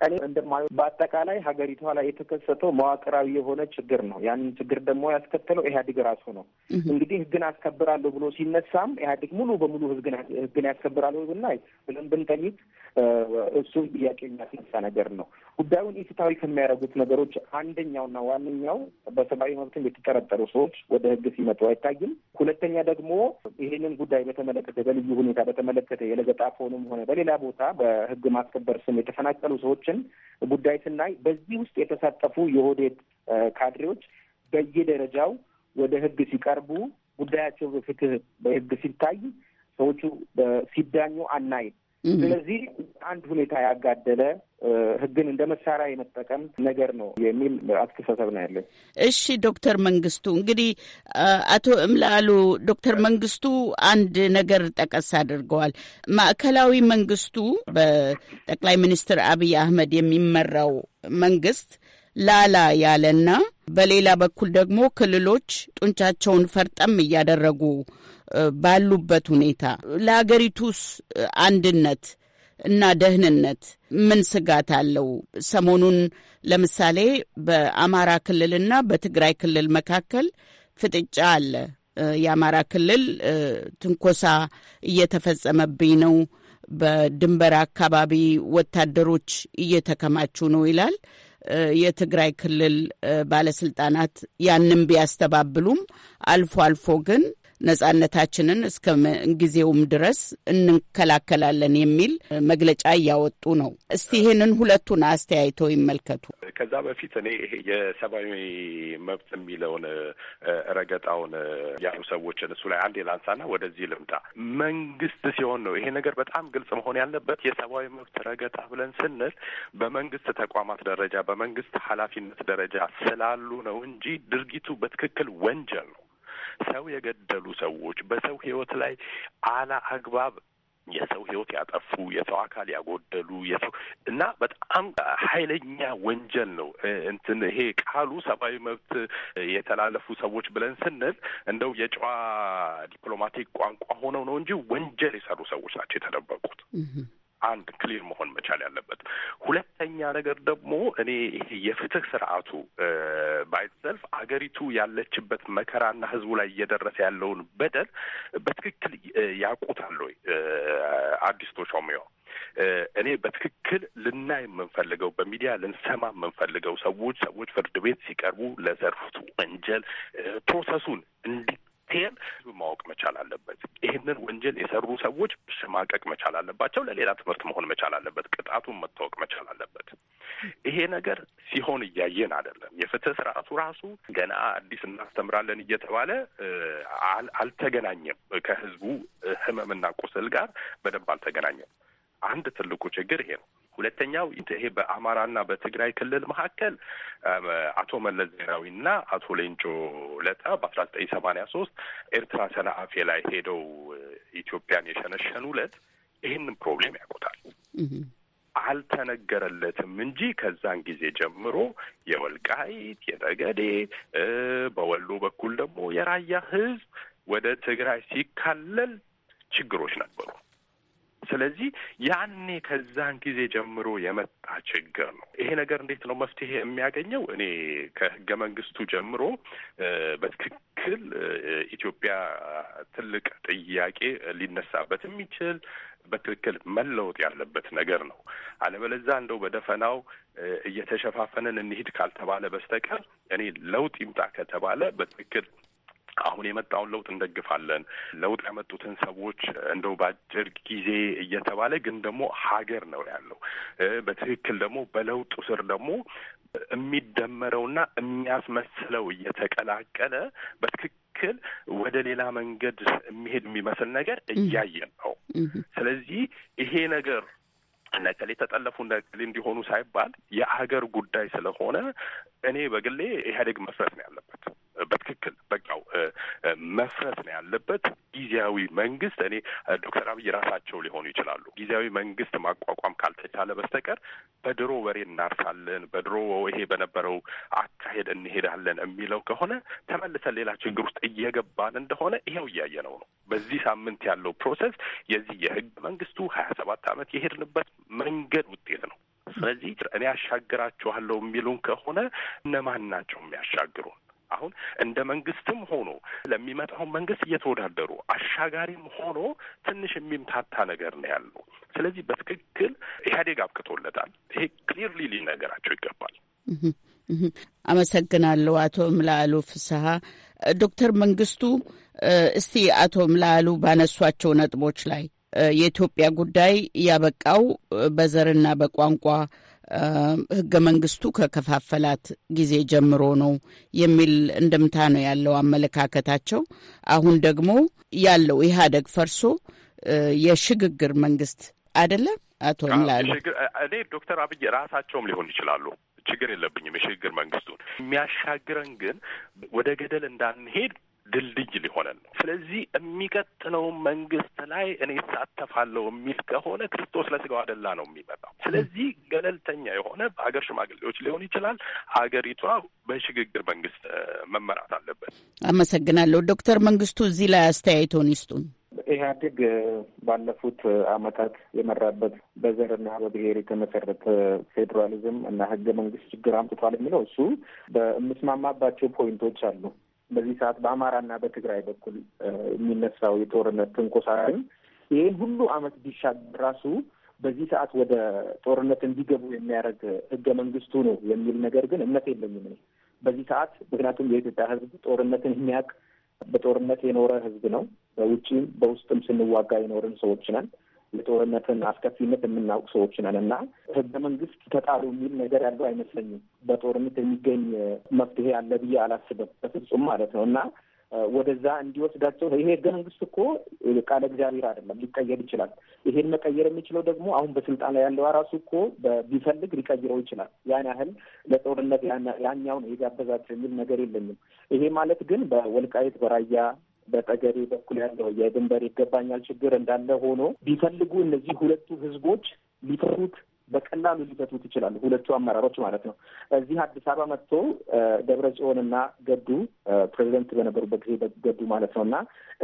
እኔ እንደማየ በአጠቃላይ ሀገሪቷ ላይ የተከሰተው መዋቅራዊ የሆነ ችግር ነው። ያንን ችግር ደግሞ ያስከተለው ኢህአዴግ ራሱ ነው። እንግዲህ ህግን አስከብራለሁ ብሎ ሲነሳም ኢህአዴግ ሙሉ በሙሉ ህግን ያስከብራለሁ ብናይ ብለን ብንጠይቅ እሱ ጥያቄ የሚያስነሳ ነገር ነው። ጉዳዩን ኢፍትሐዊ ከሚያደርጉት ነገሮች አንደኛውና ዋነኛው በሰብአዊ መብትም የተጠረጠሩ ሰዎች ወደ ህግ ሲመጡ አይታይም። ሁለተኛ ደግሞ ይህንን ጉዳይ በተመለከተ በልዩ ሁኔታ በተመለከተ የለገጣፎንም ሆነ በሌላ ቦታ በህግ ማስከበር ስም የተፈናቀሉ ሰዎች ድርጅቶችን ጉዳይ ስናይ በዚህ ውስጥ የተሳተፉ የኦህዴድ ካድሬዎች በየደረጃው ወደ ህግ ሲቀርቡ ጉዳያቸው በፍትህ በህግ ሲታይ ሰዎቹ ሲዳኙ አናይም። ስለዚህ አንድ ሁኔታ ያጋደለ ህግን እንደ መሳሪያ የመጠቀም ነገር ነው የሚል አስተሳሰብ ነው ያለን። እሺ ዶክተር መንግስቱ እንግዲህ አቶ እምላሉ ዶክተር መንግስቱ አንድ ነገር ጠቀስ አድርገዋል። ማዕከላዊ መንግስቱ በጠቅላይ ሚኒስትር አብይ አህመድ የሚመራው መንግስት ላላ ያለና በሌላ በኩል ደግሞ ክልሎች ጡንቻቸውን ፈርጠም እያደረጉ ባሉበት ሁኔታ ለሀገሪቱስ አንድነት እና ደህንነት ምን ስጋት አለው? ሰሞኑን ለምሳሌ በአማራ ክልልና በትግራይ ክልል መካከል ፍጥጫ አለ። የአማራ ክልል ትንኮሳ እየተፈጸመብኝ ነው፣ በድንበር አካባቢ ወታደሮች እየተከማቹ ነው ይላል። የትግራይ ክልል ባለስልጣናት ያንም ቢያስተባብሉም አልፎ አልፎ ግን ነጻነታችንን እስከ ጊዜውም ድረስ እንከላከላለን የሚል መግለጫ እያወጡ ነው። እስቲ ይህንን ሁለቱን አስተያይተው ይመልከቱ። ከዛ በፊት እኔ ይሄ የሰብአዊ መብት የሚለውን ረገጣውን ያሉ ሰዎችን እሱ ላይ አንዴ ላንሳና ወደዚህ ልምጣ። መንግስት ሲሆን ነው ይሄ ነገር በጣም ግልጽ መሆን ያለበት። የሰብአዊ መብት ረገጣ ብለን ስንል በመንግስት ተቋማት ደረጃ በመንግስት ኃላፊነት ደረጃ ስላሉ ነው እንጂ ድርጊቱ በትክክል ወንጀል ነው። ሰው የገደሉ ሰዎች በሰው ህይወት ላይ አላ አግባብ የሰው ህይወት ያጠፉ የሰው አካል ያጎደሉ የሰው እና በጣም ኃይለኛ ወንጀል ነው። እንትን ይሄ ቃሉ ሰብአዊ መብት የተላለፉ ሰዎች ብለን ስንል እንደው የጨዋ ዲፕሎማቲክ ቋንቋ ሆነው ነው እንጂ ወንጀል የሰሩ ሰዎች ናቸው የተደበቁት። አንድ ክሊር መሆን መቻል ያለበት። ሁለተኛ ነገር ደግሞ እኔ ይሄ የፍትህ ስርዓቱ ባይዘልፍ አገሪቱ ያለችበት መከራና ህዝቡ ላይ እየደረሰ ያለውን በደል በትክክል ያውቁታል ወይ አዲስ ቶሾሚዮ? እኔ በትክክል ልናይ የምንፈልገው በሚዲያ ልንሰማ የምንፈልገው ሰዎች ሰዎች ፍርድ ቤት ሲቀርቡ ለዘርፉት ወንጀል ፕሮሰሱን እንዲ ህዝብ ማወቅ መቻል አለበት። ይህንን ወንጀል የሰሩ ሰዎች ሽማቀቅ መቻል አለባቸው። ለሌላ ትምህርት መሆን መቻል አለበት። ቅጣቱን መታወቅ መቻል አለበት። ይሄ ነገር ሲሆን እያየን አይደለም። የፍትህ ስርዓቱ ራሱ ገና አዲስ እናስተምራለን እየተባለ አልተገናኘም። ከህዝቡ ህመምና ቁስል ጋር በደንብ አልተገናኘም። አንድ ትልቁ ችግር ይሄ ነው። ሁለተኛው ይሄ በአማራና በትግራይ ክልል መካከል አቶ መለስ ዜናዊና አቶ ሌንጮ ለታ በአስራ ዘጠኝ ሰማኒያ ሶስት ኤርትራ ሰነአፌ ላይ ሄደው ኢትዮጵያን የሸነሸኑ ዕለት ይህንን ፕሮብሌም ያውቁታል። አልተነገረለትም እንጂ ከዛን ጊዜ ጀምሮ የወልቃይት የጠገዴ በወሎ በኩል ደግሞ የራያ ህዝብ ወደ ትግራይ ሲካለል ችግሮች ነበሩ። ስለዚህ ያኔ ከዛን ጊዜ ጀምሮ የመጣ ችግር ነው። ይሄ ነገር እንዴት ነው መፍትሄ የሚያገኘው? እኔ ከህገ መንግስቱ ጀምሮ በትክክል ኢትዮጵያ ትልቅ ጥያቄ ሊነሳበት የሚችል በትክክል መለወጥ ያለበት ነገር ነው። አለበለዛ እንደው በደፈናው እየተሸፋፈንን እንሂድ ካልተባለ በስተቀር እኔ ለውጥ ይምጣ ከተባለ በትክክል አሁን የመጣውን ለውጥ እንደግፋለን፣ ለውጥ ያመጡትን ሰዎች እንደው በአጭር ጊዜ እየተባለ ግን ደግሞ ሀገር ነው ያለው በትክክል ደግሞ በለውጡ ስር ደግሞ የሚደመረውና የሚያስመስለው እየተቀላቀለ በትክክል ወደ ሌላ መንገድ የሚሄድ የሚመስል ነገር እያየን ነው። ስለዚህ ይሄ ነገር እነከሌ ተጠለፉ እነከሌ እንዲሆኑ ሳይባል የሀገር ጉዳይ ስለሆነ እኔ በግሌ ኢህአዴግ መፍረስ ነው ያለበት። በትክክል በቃው መፍረስ ነው ያለበት። ጊዜያዊ መንግስት እኔ ዶክተር አብይ ራሳቸው ሊሆኑ ይችላሉ። ጊዜያዊ መንግስት ማቋቋም ካልተቻለ በስተቀር በድሮ ወሬ እናርሳለን፣ በድሮ ይሄ በነበረው አካሄድ እንሄዳለን የሚለው ከሆነ ተመልሰን ሌላ ችግር ውስጥ እየገባን እንደሆነ ይኸው እያየ ነው ነው በዚህ ሳምንት ያለው ፕሮሰስ የዚህ የህገ መንግስቱ ሀያ ሰባት አመት የሄድንበት መንገድ ውጤት ነው። ስለዚህ እኔ ያሻግራችኋለሁ የሚሉን ከሆነ እነማን ናቸው የሚያሻግሩን? አሁን እንደ መንግስትም ሆኖ ለሚመጣው መንግስት እየተወዳደሩ አሻጋሪም ሆኖ ትንሽ የሚምታታ ነገር ነው ያለው። ስለዚህ በትክክል ኢህአዴግ አብቅቶለታል። ይሄ ክሊርሊ ሊነገራቸው ይገባል። አመሰግናለሁ። አቶ ምላአሉ ፍስሀ። ዶክተር መንግስቱ እስቲ አቶ ምላአሉ ባነሷቸው ነጥቦች ላይ የኢትዮጵያ ጉዳይ ያበቃው በዘርና በቋንቋ ህገ መንግስቱ ከከፋፈላት ጊዜ ጀምሮ ነው የሚል እንድምታ ነው ያለው አመለካከታቸው። አሁን ደግሞ ያለው ኢህአደግ ፈርሶ የሽግግር መንግስት አይደለም አቶ እኔ ዶክተር አብይ ራሳቸውም ሊሆን ይችላሉ። ችግር የለብኝም የሽግግር መንግስቱን። የሚያሻግረን ግን ወደ ገደል እንዳንሄድ ድልድይ ሊሆነን ነው። ስለዚህ የሚቀጥለው መንግስት ላይ እኔ እሳተፋለሁ የሚል ከሆነ ክርስቶስ ለስጋው አደላ ነው የሚመጣው። ስለዚህ ገለልተኛ የሆነ በሀገር ሽማግሌዎች ሊሆን ይችላል። ሀገሪቷ በሽግግር መንግስት መመራት አለበት። አመሰግናለሁ። ዶክተር መንግስቱ እዚህ ላይ አስተያየቶን ይስጡን። ኢህአዴግ ባለፉት አመታት የመራበት በዘርና በብሔር የተመሰረተ ፌዴራሊዝም እና ህገ መንግስት ችግር አምጥቷል የሚለው እሱ በምስማማባቸው ፖይንቶች አሉ። በዚህ ሰዓት በአማራና በትግራይ በኩል የሚነሳው የጦርነት ትንኮሳ ግን ይህን ሁሉ አመት ቢሻል ራሱ በዚህ ሰዓት ወደ ጦርነት እንዲገቡ የሚያደርግ ህገ መንግስቱ ነው የሚል ነገር ግን እምነት የለኝም እኔ በዚህ ሰዓት። ምክንያቱም የኢትዮጵያ ህዝብ ጦርነትን የሚያውቅ በጦርነት የኖረ ህዝብ ነው። በውጭም በውስጥም ስንዋጋ የኖርን ሰዎች ነን። የጦርነትን አስከፊነት የምናውቅ ሰዎች ነን እና ህገ መንግስት ተጣሉ የሚል ነገር ያለው አይመስለኝም። በጦርነት የሚገኝ መፍትሄ አለ ብዬ አላስብም በፍጹም ማለት ነው እና ወደዛ እንዲወስዳቸው ይሄ ህገ መንግስት እኮ ቃለ እግዚአብሔር አይደለም፣ ሊቀየር ይችላል። ይሄን መቀየር የሚችለው ደግሞ አሁን በስልጣን ላይ ያለው ራሱ እኮ ቢፈልግ ሊቀይረው ይችላል። ያን ያህል ለጦርነት ያኛው ነው የጋበዛቸው የሚል ነገር የለኝም። ይሄ ማለት ግን በወልቃይት በራያ በጠገዴ በኩል ያለው የድንበር ይገባኛል ችግር እንዳለ ሆኖ ቢፈልጉ እነዚህ ሁለቱ ህዝቦች ሊፈቱት በቀላሉ ሊፈቱት ይችላሉ። ሁለቱ አመራሮች ማለት ነው። እዚህ አዲስ አበባ መጥቶ ደብረ ጽዮንና ገዱ ፕሬዚደንት በነበሩበት ጊዜ ገዱ ማለት ነው እና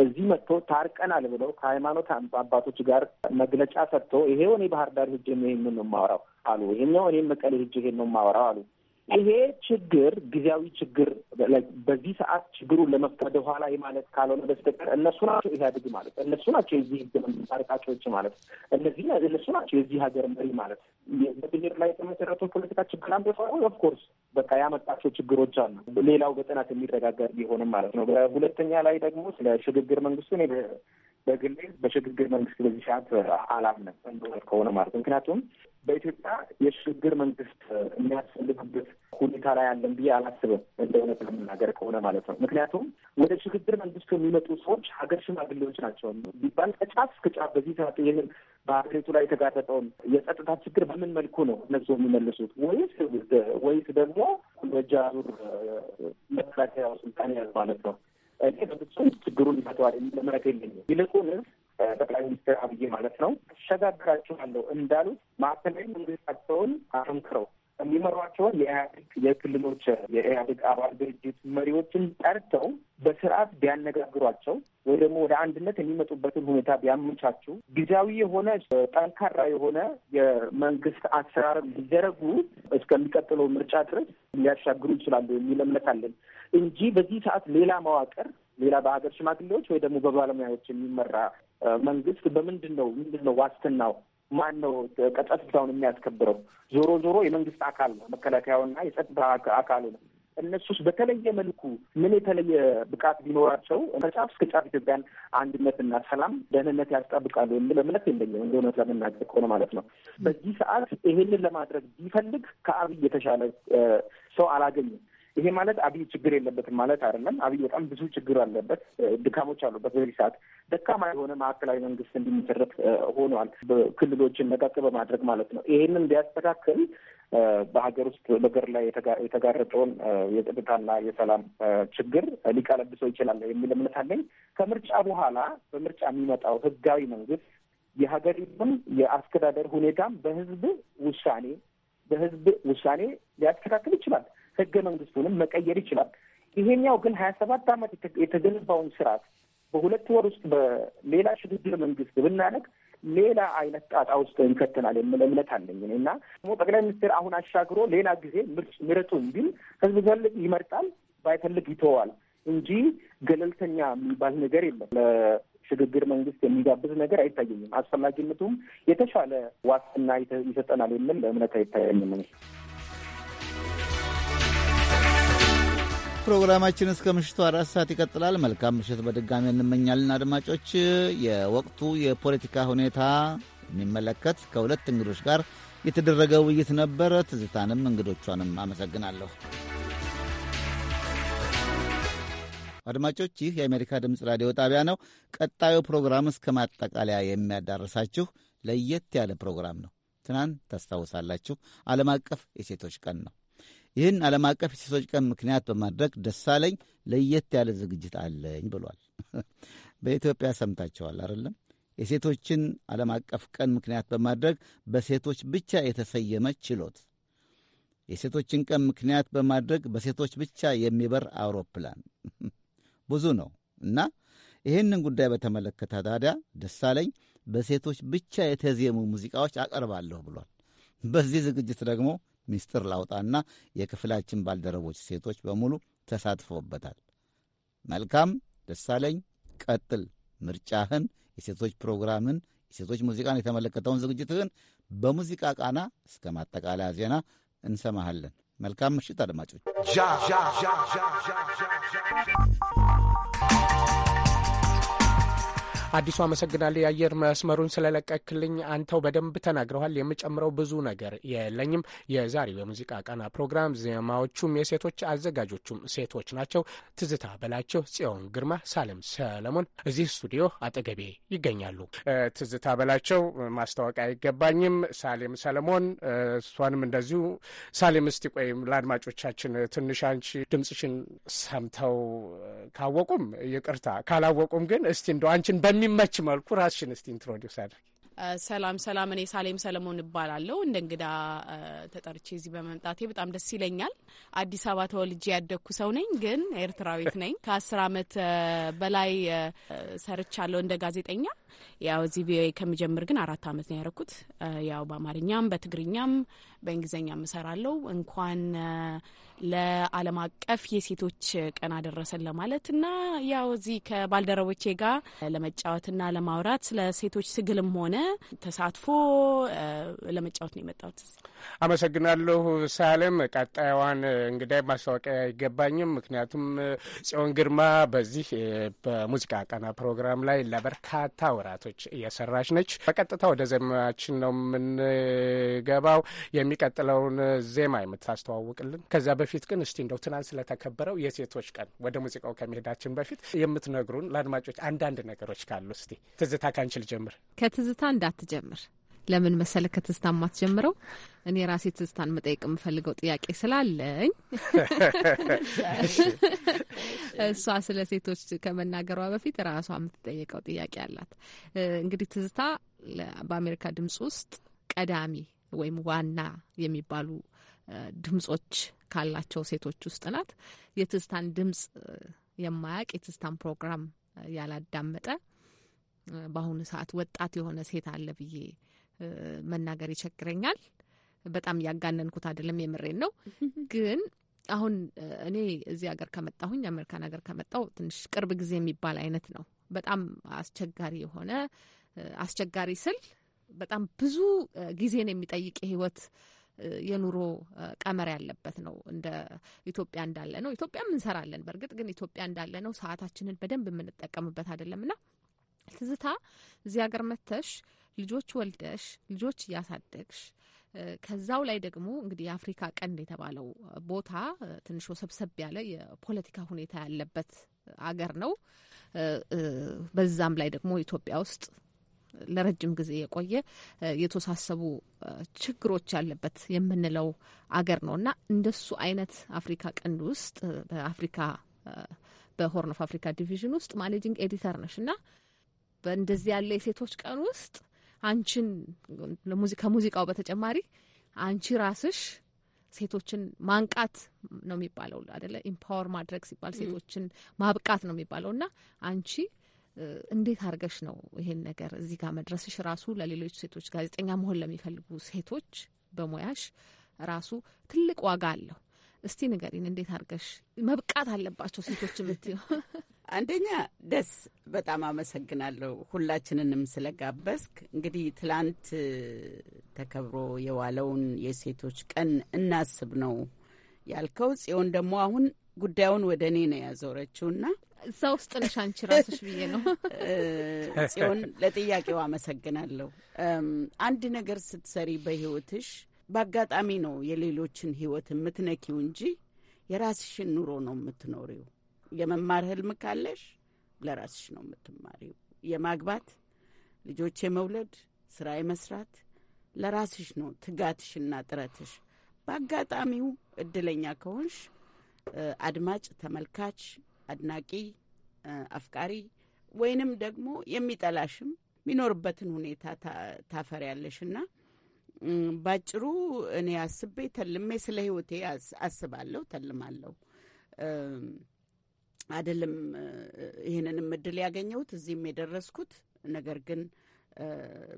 እዚህ መጥቶ ታርቀናል ብለው ከሃይማኖት አባቶች ጋር መግለጫ ሰጥቶ ይሄው እኔ ባህር ዳር ሂጅ ይህንን ነው የማወራው አሉ። ይሄኛው እኔም መቀሌ ህጅ ይሄን ነው የማወራው አሉ። ይሄ ችግር ጊዜያዊ ችግር በዚህ ሰዓት ችግሩን ለመፍታት ኋላ ማለት ካልሆነ በስተቀር እነሱ ናቸው ኢህአዴግ ማለት እነሱ ናቸው የዚህ ህግ መንግስት አርቃቂዎች ማለት እነዚህ እነሱ ናቸው የዚህ ሀገር መሪ ማለት በብሄር ላይ የተመሰረቱ ፖለቲካ ችግር አንዱ ሳይሆን ኦፍኮርስ በቃ ያመጣቸው ችግሮች አሉ። ሌላው በጥናት የሚረጋገር ቢሆንም ማለት ነው። ሁለተኛ ላይ ደግሞ ስለ ሽግግር መንግስቱ በግሌ በሽግግር መንግስት በዚህ ሰዓት አላምንም እንደሆነ ከሆነ ማለት ምክንያቱም በኢትዮጵያ የሽግግር መንግስት የሚያስፈልግበት ሁኔታ ላይ ያለን ብዬ አላስብም እንደሆነ ለመናገር ከሆነ ማለት ነው። ምክንያቱም ወደ ሽግግር መንግስቱ የሚመጡ ሰዎች ሀገር ሽማግሌዎች ናቸው ቢባል ከጫፍ እስከ ጫፍ በዚህ ሰዓት ይህን በሀገሪቱ ላይ የተጋረጠውን የጸጥታ ችግር በምን መልኩ ነው እነሱ የሚመልሱት? ወይስ ወይስ ደግሞ በእጅ አዙር መከላከያው ስልጣን ያዝ ማለት ነው እኔ በፍጹም ችግሩን ይፈተዋል ለመረት የለኝም። ይልቁንስ ጠቅላይ ሚኒስትር አብይ ማለት ነው ተሸጋግራችኋለሁ እንዳሉት ማዕከላዊ መንግስታቸውን አጠንክረው የሚመሯቸውን የክልሎች የኢህአዴግ አባል ድርጅት መሪዎችን ጠርተው በስርዓት ቢያነጋግሯቸው ወይ ደግሞ ወደ አንድነት የሚመጡበትን ሁኔታ ቢያመቻቹ፣ ጊዜያዊ የሆነ ጠንካራ የሆነ የመንግስት አሰራር ሊዘረጉ እስከሚቀጥለው ምርጫ ድረስ ሊያሻግሩ ይችላሉ የሚል እምነት አለን እንጂ በዚህ ሰዓት ሌላ መዋቅር ሌላ በሀገር ሽማግሌዎች ወይ ደግሞ በባለሙያዎች የሚመራ መንግስት በምንድን ነው ምንድን ነው ዋስትናው ማን ነው ጸጥታውን የሚያስከብረው? ዞሮ ዞሮ የመንግስት አካል ነው፣ መከላከያውና የጸጥታ አካሉ ነው። እነሱስ በተለየ መልኩ ምን የተለየ ብቃት ቢኖራቸው ከጫፍ እስከ ጫፍ ኢትዮጵያን አንድነትና ሰላም፣ ደህንነት ያስጠብቃሉ የሚል እምነት የለኝም። እንደ እውነት ለመናገር ከሆነ ማለት ነው። በዚህ ሰዓት ይሄንን ለማድረግ ቢፈልግ ከአብይ የተሻለ ሰው አላገኝም። ይሄ ማለት አብይ ችግር የለበትም ማለት አይደለም። አብይ በጣም ብዙ ችግር አለበት፣ ድካሞች አሉበት። በዚህ ሰዓት ደካማ የሆነ ማዕከላዊ መንግስት እንዲመሰረት ሆኗል፣ ክልሎችን ነቃቅ በማድረግ ማለት ነው። ይሄንን ቢያስተካክል በሀገር ውስጥ ነገር ላይ የተጋረጠውን የጸጥታና የሰላም ችግር ሊቀለብሰው ይችላል የሚል እምነት አለኝ። ከምርጫ በኋላ በምርጫ የሚመጣው ህጋዊ መንግስት የሀገሪቱን የአስተዳደር ሁኔታም በህዝብ ውሳኔ በህዝብ ውሳኔ ሊያስተካክል ይችላል። ህገ መንግስቱንም መቀየር ይችላል። ይሄኛው ግን ሀያ ሰባት ዓመት የተገነባውን ስርዓት በሁለት ወር ውስጥ በሌላ ሽግግር መንግስት ብናነግ ሌላ አይነት ጣጣ ውስጥ እንከትናል የምል እምነት አለኝ እና ደግሞ ጠቅላይ ሚኒስትር አሁን አሻግሮ ሌላ ጊዜ ምርጡ ቢል ህዝብ ፈልግ ይመርጣል፣ ባይፈልግ ይተዋል እንጂ ገለልተኛ የሚባል ነገር የለም። ለሽግግር መንግስት የሚጋብዝ ነገር አይታየኝም። አስፈላጊነቱም የተሻለ ዋስትና ይሰጠናል የምል እምነት አይታየኝም። ፕሮግራማችን እስከ ምሽቱ አራት ሰዓት ይቀጥላል። መልካም ምሽት በድጋሚ እንመኛለን አድማጮች። የወቅቱ የፖለቲካ ሁኔታ የሚመለከት ከሁለት እንግዶች ጋር የተደረገ ውይይት ነበረ። ትዝታንም እንግዶቿንም አመሰግናለሁ። አድማጮች፣ ይህ የአሜሪካ ድምፅ ራዲዮ ጣቢያ ነው። ቀጣዩ ፕሮግራም እስከ ማጠቃለያ የሚያዳርሳችሁ ለየት ያለ ፕሮግራም ነው። ትናንት ታስታውሳላችሁ፣ ዓለም አቀፍ የሴቶች ቀን ነው። ይህን ዓለም አቀፍ የሴቶች ቀን ምክንያት በማድረግ ደሳለኝ ለየት ያለ ዝግጅት አለኝ ብሏል። በኢትዮጵያ ሰምታቸዋል አይደለም? የሴቶችን ዓለም አቀፍ ቀን ምክንያት በማድረግ በሴቶች ብቻ የተሰየመ ችሎት፣ የሴቶችን ቀን ምክንያት በማድረግ በሴቶች ብቻ የሚበር አውሮፕላን ብዙ ነው እና ይህንን ጉዳይ በተመለከተ ታዲያ ደሳለኝ በሴቶች ብቻ የተዜሙ ሙዚቃዎች አቀርባለሁ ብሏል። በዚህ ዝግጅት ደግሞ ሚስጥር ላውጣና የክፍላችን ባልደረቦች ሴቶች በሙሉ ተሳትፎበታል። መልካም ደሳለኝ፣ ቀጥል። ምርጫህን፣ የሴቶች ፕሮግራምን፣ የሴቶች ሙዚቃን የተመለከተውን ዝግጅትህን በሙዚቃ ቃና እስከ ማጠቃለያ ዜና እንሰማሃለን። መልካም ምሽት አድማጮች። አዲሱ አመሰግናለሁ። የአየር መስመሩን ስለለቀክልኝ አንተው በደንብ ተናግረዋል። የምጨምረው ብዙ ነገር የለኝም። የዛሬው የሙዚቃ ቀና ፕሮግራም ዜማዎቹም የሴቶች አዘጋጆቹም ሴቶች ናቸው። ትዝታ በላቸው፣ ጽዮን ግርማ፣ ሳለም ሰለሞን እዚህ ስቱዲዮ አጠገቤ ይገኛሉ። ትዝታ በላቸው ማስታወቂያ አይገባኝም። ሳሌም ሰለሞን እሷንም እንደዚሁ። ሳሌም እስቲ ቆይም ለአድማጮቻችን ትንሽ አንቺ ድምፅሽን ሰምተው ካወቁም ይቅርታ፣ ካላወቁም ግን እስቲ እንደ አንቺን በሚ በሚመች መልኩ ራስሽን እስቲ ኢንትሮዲውስ አድርጊ። ሰላም ሰላም፣ እኔ ሳሌም ሰለሞን እባላለሁ። እንደ እንግዳ ተጠርቼ እዚህ በመምጣቴ በጣም ደስ ይለኛል። አዲስ አበባ ተወልጄ ያደግኩ ሰው ነኝ፣ ግን ኤርትራዊት ነኝ። ከአስር አመት በላይ ሰርቻለሁ እንደ ጋዜጠኛ ያው እዚህ ቪኦኤ ከሚጀምር ግን አራት አመት ነው ያደረኩት። ያው በአማርኛም በትግርኛም በእንግሊዝኛም እሰራለሁ። እንኳን ለዓለም አቀፍ የሴቶች ቀን አደረሰን ለማለት እና ያው እዚህ ከባልደረቦቼ ጋር ለመጫወትና ለማውራት ስለ ሴቶች ትግልም ሆነ ተሳትፎ ለመጫወት ነው የመጣሁት። አመሰግናለሁ ሳለም። ቀጣይዋን እንግዳይ ማስታወቂያ አይገባኝም፣ ምክንያቱም ጽዮን ግርማ በዚህ በሙዚቃ ቀና ፕሮግራም ላይ ለበርካታ ወራቶች እየሰራች ነች። በቀጥታ ወደ ዜማችን ነው የምንገባው። የሚቀጥለውን ዜማ የምታስተዋውቅልን። ከዛ በፊት ግን እስቲ እንደው ትናንት ስለተከበረው የሴቶች ቀን ወደ ሙዚቃው ከመሄዳችን በፊት የምትነግሩን ለአድማጮች አንዳንድ ነገሮች ካሉ እስቲ ትዝታ ካንችል ጀምር። ከትዝታ እንዳትጀምር ለምን መሰለ ከትዝታ ማትጀምረው እኔ ራሴ ትዝታን መጠየቅ የምፈልገው ጥያቄ ስላለኝ እሷ ስለ ሴቶች ከመናገሯ በፊት ራሷ የምትጠየቀው ጥያቄ አላት። እንግዲህ ትዝታ በአሜሪካ ድምጽ ውስጥ ቀዳሚ ወይም ዋና የሚባሉ ድምጾች ካላቸው ሴቶች ውስጥ ናት። የትዝታን ድምጽ የማያቅ የትዝታን ፕሮግራም ያላዳመጠ በአሁኑ ሰዓት ወጣት የሆነ ሴት አለ ብዬ መናገር ይቸግረኛል። በጣም እያጋነንኩት አይደለም፣ የምሬን ነው። ግን አሁን እኔ እዚህ ሀገር ከመጣሁኝ አሜሪካን ሀገር ከመጣሁ ትንሽ ቅርብ ጊዜ የሚባል አይነት ነው። በጣም አስቸጋሪ የሆነ አስቸጋሪ ስል በጣም ብዙ ጊዜን የሚጠይቅ የህይወት የኑሮ ቀመር ያለበት ነው። እንደ ኢትዮጵያ እንዳለ ነው። ኢትዮጵያም እንሰራለን በእርግጥ ግን ኢትዮጵያ እንዳለ ነው ሰዓታችንን በደንብ የምንጠቀምበት አይደለም ና ትዝታ እዚህ ሀገር መተሽ ልጆች ወልደሽ ልጆች እያሳደግሽ ከዛው ላይ ደግሞ እንግዲህ የአፍሪካ ቀንድ የተባለው ቦታ ትንሽ ሰብሰብ ያለ የፖለቲካ ሁኔታ ያለበት አገር ነው። በዛም ላይ ደግሞ ኢትዮጵያ ውስጥ ለረጅም ጊዜ የቆየ የተወሳሰቡ ችግሮች ያለበት የምንለው አገር ነው እና እንደሱ አይነት አፍሪካ ቀንድ ውስጥ በአፍሪካ በሆርን ኦፍ አፍሪካ ዲቪዥን ውስጥ ማኔጂንግ ኤዲተር ነሽ እና በእንደዚህ ያለ የሴቶች ቀን ውስጥ አንቺን ከሙዚቃው በተጨማሪ አንቺ ራስሽ ሴቶችን ማንቃት ነው የሚባለው አደለ? ኢምፓወር ማድረግ ሲባል ሴቶችን ማብቃት ነው የሚባለው እና አንቺ እንዴት አድርገሽ ነው ይሄን ነገር እዚህ ጋር መድረስሽ ራሱ ለሌሎች ሴቶች ጋዜጠኛ መሆን ለሚፈልጉ ሴቶች በሙያሽ ራሱ ትልቅ ዋጋ አለው። እስቲ ንገሪን፣ እንዴት አድርገሽ መብቃት አለባቸው ሴቶች የምትይው? አንደኛ ደስ በጣም አመሰግናለሁ ሁላችንንም ስለጋበዝክ። እንግዲህ ትላንት ተከብሮ የዋለውን የሴቶች ቀን እናስብ ነው ያልከው። ጽዮን ደግሞ አሁን ጉዳዩን ወደ እኔ ነው ያዞረችው ና እዛ ውስጥ ነሽ አንቺ ራስሽ ብዬ ነው። ጽዮን ለጥያቄው አመሰግናለሁ። አንድ ነገር ስትሰሪ በህይወትሽ በአጋጣሚ ነው የሌሎችን ህይወት የምትነኪው እንጂ የራስሽን ኑሮ ነው የምትኖሪው የመማር ህልም ካለሽ ለራስሽ ነው የምትማሪው። የማግባት ልጆች የመውለድ ስራ የመስራት ለራስሽ ነው ትጋትሽና ጥረትሽ። በአጋጣሚው እድለኛ ከሆንሽ አድማጭ፣ ተመልካች፣ አድናቂ፣ አፍቃሪ ወይንም ደግሞ የሚጠላሽም የሚኖርበትን ሁኔታ ታፈሪያለሽ ና ባጭሩ እኔ አስቤ ተልሜ ስለ ህይወቴ አስባለሁ ተልማለሁ። አይደለም ይህንንም እድል ያገኘሁት እዚህም የደረስኩት ነገር ግን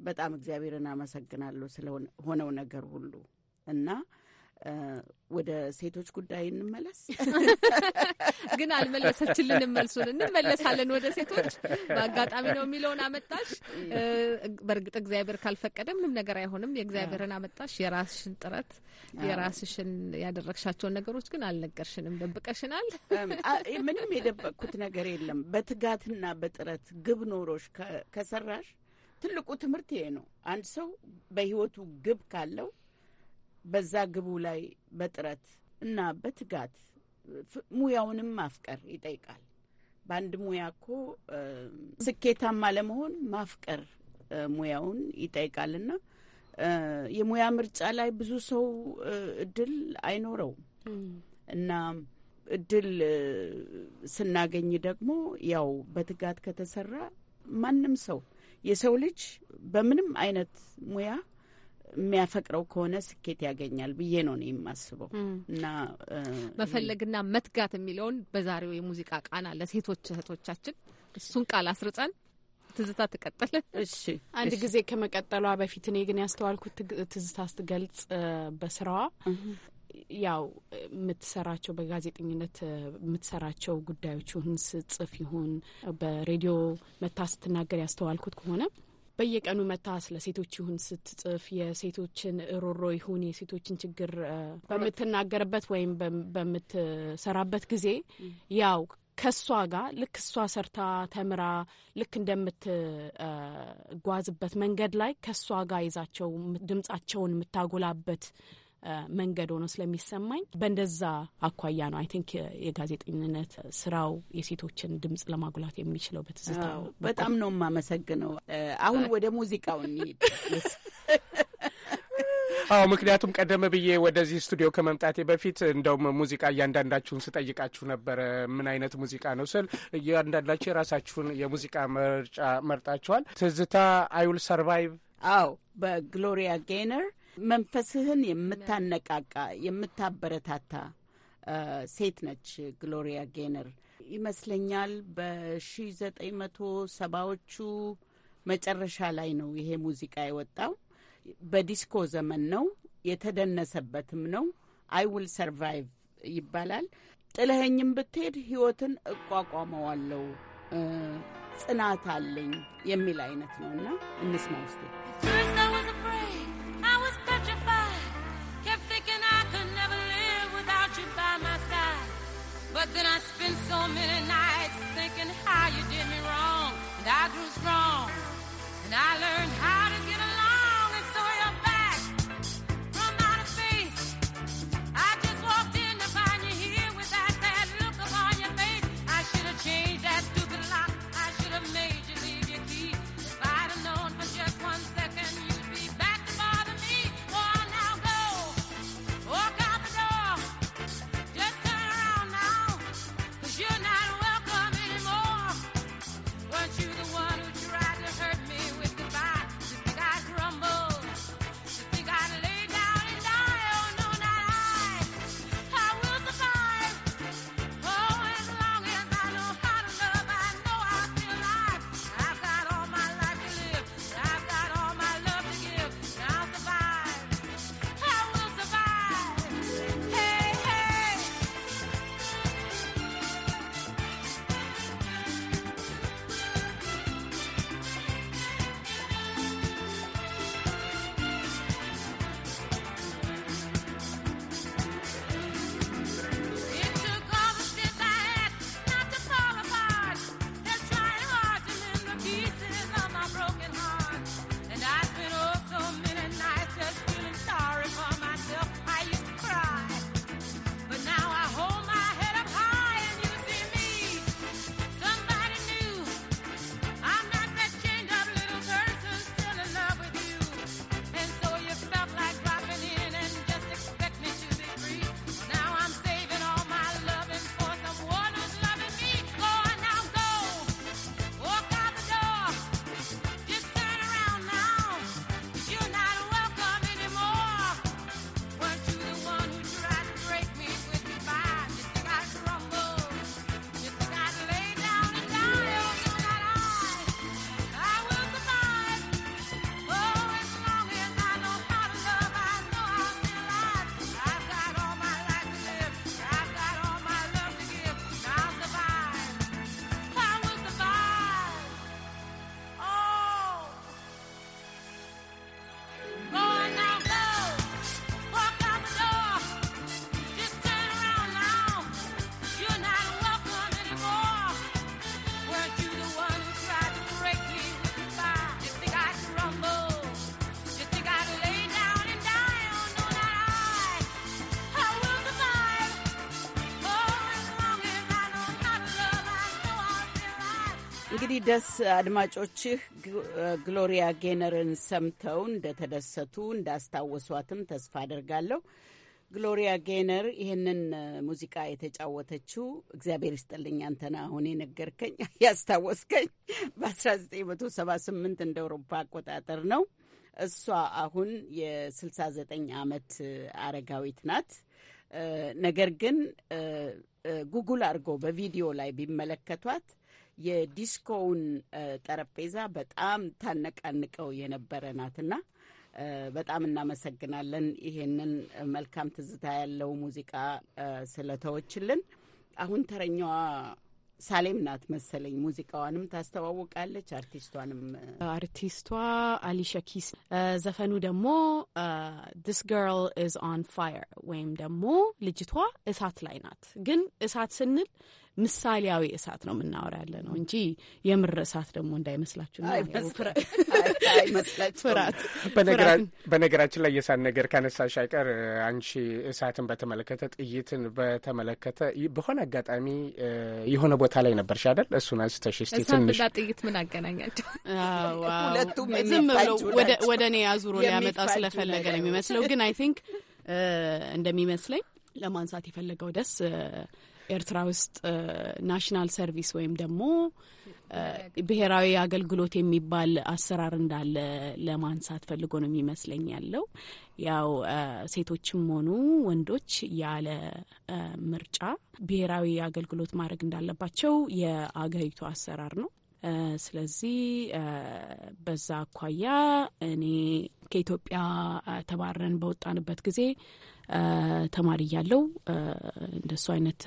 በጣም እግዚአብሔርን አመሰግናለሁ ስለሆነው ነገር ሁሉ እና ወደ ሴቶች ጉዳይ እንመለስ። ግን አልመለሰችልን። መልሱን እንመለሳለን ወደ ሴቶች በአጋጣሚ ነው የሚለውን አመጣሽ። በእርግጥ እግዚአብሔር ካልፈቀደ ምንም ነገር አይሆንም። የእግዚአብሔርን አመጣሽ፣ የራስሽን ጥረት፣ የራስሽን ያደረግሻቸውን ነገሮች ግን አልነገርሽንም፣ ደብቀሽናል። ምንም የደበቅኩት ነገር የለም። በትጋትና በጥረት ግብ ኖሮሽ ከሰራሽ ትልቁ ትምህርት ይሄ ነው። አንድ ሰው በህይወቱ ግብ ካለው በዛ ግቡ ላይ በጥረት እና በትጋት ሙያውንም ማፍቀር ይጠይቃል። በአንድ ሙያ እኮ ስኬታማ ለመሆን ማፍቀር ሙያውን ይጠይቃልና የሙያ ምርጫ ላይ ብዙ ሰው እድል አይኖረውም እና እድል ስናገኝ ደግሞ ያው በትጋት ከተሰራ ማንም ሰው የሰው ልጅ በምንም አይነት ሙያ የሚያፈቅረው ከሆነ ስኬት ያገኛል ብዬ ነው የማስበው። እና መፈለግና መትጋት የሚለውን በዛሬው የሙዚቃ ቃና ለሴቶች እህቶቻችን እሱን ቃል አስርጸን ትዝታ ትቀጥል። እሺ፣ አንድ ጊዜ ከመቀጠሏ በፊት እኔ ግን ያስተዋልኩት ትዝታ ስትገልጽ በስራዋ ያው የምትሰራቸው በጋዜጠኝነት የምትሰራቸው ጉዳዮች ይሁን ስጽፍ ይሁን በሬዲዮ መታ ስትናገር ያስተዋልኩት ከሆነ በየቀኑ መታ ስለ ሴቶች ይሁን ስትጽፍ የሴቶችን ሮሮ ይሁን የሴቶችን ችግር በምትናገርበት ወይም በምትሰራበት ጊዜ ያው ከእሷ ጋር ልክ እሷ ሰርታ ተምራ ልክ እንደምትጓዝበት መንገድ ላይ ከእሷ ጋር ይዛቸው ድምጻቸውን የምታጎላበት መንገድ ሆኖ ስለሚሰማኝ በእንደዛ አኳያ ነው አይ ቲንክ የጋዜጠኝነት ስራው የሴቶችን ድምጽ ለማጉላት የሚችለው በትዝታ በጣም ነው የማመሰግነው። አሁን ወደ ሙዚቃው እንሂድ። አዎ ምክንያቱም ቀደም ብዬ ወደዚህ ስቱዲዮ ከመምጣቴ በፊት እንደውም ሙዚቃ እያንዳንዳችሁን ስጠይቃችሁ ነበረ። ምን አይነት ሙዚቃ ነው ስል እያንዳንዳችሁ የራሳችሁን የሙዚቃ ምርጫ መርጣችኋል። ትዝታ አይውል ሰርቫይቭ። አዎ በግሎሪያ ጌነር መንፈስህን የምታነቃቃ የምታበረታታ ሴት ነች ግሎሪያ ጌነር ይመስለኛል። በሺ ዘጠኝ መቶ ሰባዎቹ መጨረሻ ላይ ነው ይሄ ሙዚቃ የወጣው። በዲስኮ ዘመን ነው የተደነሰበትም ነው። አይ ውል ሰርቫይቭ ይባላል። ጥለኸኝም ብትሄድ ህይወትን እቋቋመዋለው ጽናት አለኝ የሚል አይነት ነው እና እንስማ ውስጥ many nights thinking how you did me wrong. And I grew strong and I learned how. እንግዲህ ደስ አድማጮችህ ግሎሪያ ጌነርን ሰምተው እንደተደሰቱ እንዳስታወሷትም ተስፋ አደርጋለሁ። ግሎሪያ ጌነር ይህንን ሙዚቃ የተጫወተችው እግዚአብሔር ይስጥልኝ አንተን አሁን የነገርከኝ ያስታወስከኝ በ1978 እንደ አውሮፓ አቆጣጠር ነው። እሷ አሁን የ69 ዓመት አረጋዊት ናት። ነገር ግን ጉጉል አድርጎ በቪዲዮ ላይ ቢመለከቷት የዲስኮውን ጠረጴዛ በጣም ታነቃንቀው የነበረ ናትና በጣም እናመሰግናለን። ይሄንን መልካም ትዝታ ያለው ሙዚቃ ስለተወችልን። አሁን ተረኛዋ ሳሌም ናት መሰለኝ። ሙዚቃዋንም ታስተዋውቃለች፣ አርቲስቷንም። አርቲስቷ አሊሻ ኪስ፣ ዘፈኑ ደግሞ ዲስ ገርል ኢዝ ኦን ፋየር ወይም ደግሞ ልጅቷ እሳት ላይ ናት። ግን እሳት ስንል ምሳሌያዊ እሳት ነው የምናወራ ያለ ነው እንጂ የምር እሳት ደግሞ እንዳይመስላችሁ ፍራት። በነገራችን ላይ የእሳት ነገር ካነሳሽ አይቀር አንቺ እሳትን በተመለከተ ጥይትን በተመለከተ በሆነ አጋጣሚ የሆነ ቦታ ላይ ነበርሽ አይደል? እሱን አንስተሽ እስኪ ትንሽ ጥይት ምን አገናኛቸው? ዝም ብለው ወደ እኔ አዙሮ ሊያመጣ ስለፈለገ ነው የሚመስለው። ግን አይ ቲንክ እንደሚመስለኝ ለማንሳት የፈለገው ደስ ኤርትራ ውስጥ ናሽናል ሰርቪስ ወይም ደግሞ ብሔራዊ አገልግሎት የሚባል አሰራር እንዳለ ለማንሳት ፈልጎ ነው የሚመስለኝ ያለው። ያው ሴቶችም ሆኑ ወንዶች ያለ ምርጫ ብሔራዊ አገልግሎት ማድረግ እንዳለባቸው የአገሪቱ አሰራር ነው። ስለዚህ በዛ አኳያ እኔ ከኢትዮጵያ ተባረን በወጣንበት ጊዜ ተማሪ እያለው እንደሱ አይነት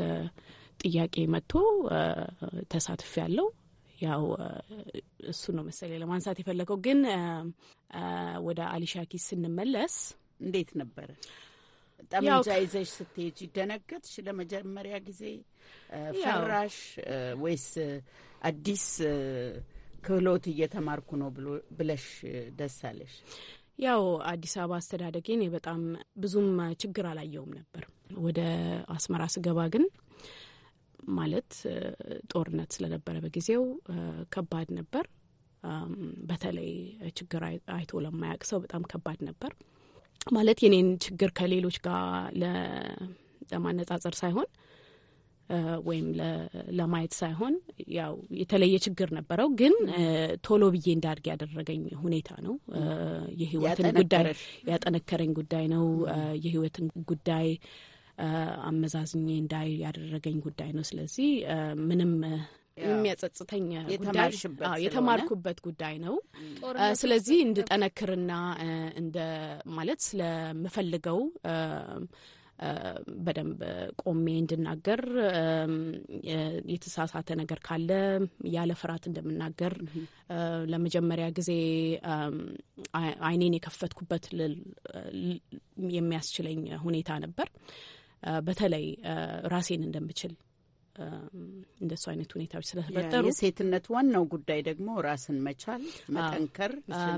ጥያቄ መጥቶ ተሳትፍ ያለው ያው እሱ ነው መሰለኝ ለማንሳት የፈለገው። ግን ወደ አሊሻኪ ስንመለስ እንዴት ነበረ? ጠመንጃ ይዘሽ ስትሄጂ ደነገጥሽ? ለመጀመሪያ ጊዜ ፈራሽ? ወይስ አዲስ ክህሎት እየተማርኩ ነው ብለሽ ደስ አለሽ? ያው አዲስ አበባ አስተዳደጌን በጣም ብዙም ችግር አላየውም ነበር። ወደ አስመራ ስገባ ግን ማለት ጦርነት ስለነበረ በጊዜው ከባድ ነበር። በተለይ ችግር አይቶ ለማያውቅ ሰው በጣም ከባድ ነበር። ማለት የኔን ችግር ከሌሎች ጋር ለማነጻጸር ሳይሆን ወይም ለማየት ሳይሆን ያው የተለየ ችግር ነበረው፣ ግን ቶሎ ብዬ እንዳድግ ያደረገኝ ሁኔታ ነው። የህይወትን ጉዳይ ያጠነከረኝ ጉዳይ ነው። የህይወትን ጉዳይ አመዛዝኜ እንዳይ ያደረገኝ ጉዳይ ነው። ስለዚህ ምንም የሚያጸጽተኝ የተማርኩበት ጉዳይ ነው። ስለዚህ እንድጠነክርና እንደ ማለት ስለምፈልገው በደንብ ቆሜ እንድናገር የተሳሳተ ነገር ካለ ያለ ፍርሃት እንደምናገር ለመጀመሪያ ጊዜ አይኔን የከፈትኩበት የሚያስችለኝ ሁኔታ ነበር። በተለይ ራሴን እንደምችል እንደሱ አይነት ሁኔታዎች ስለተፈጠሩ የሴትነት ዋናው ጉዳይ ደግሞ ራስን መቻል፣ መጠንከር፣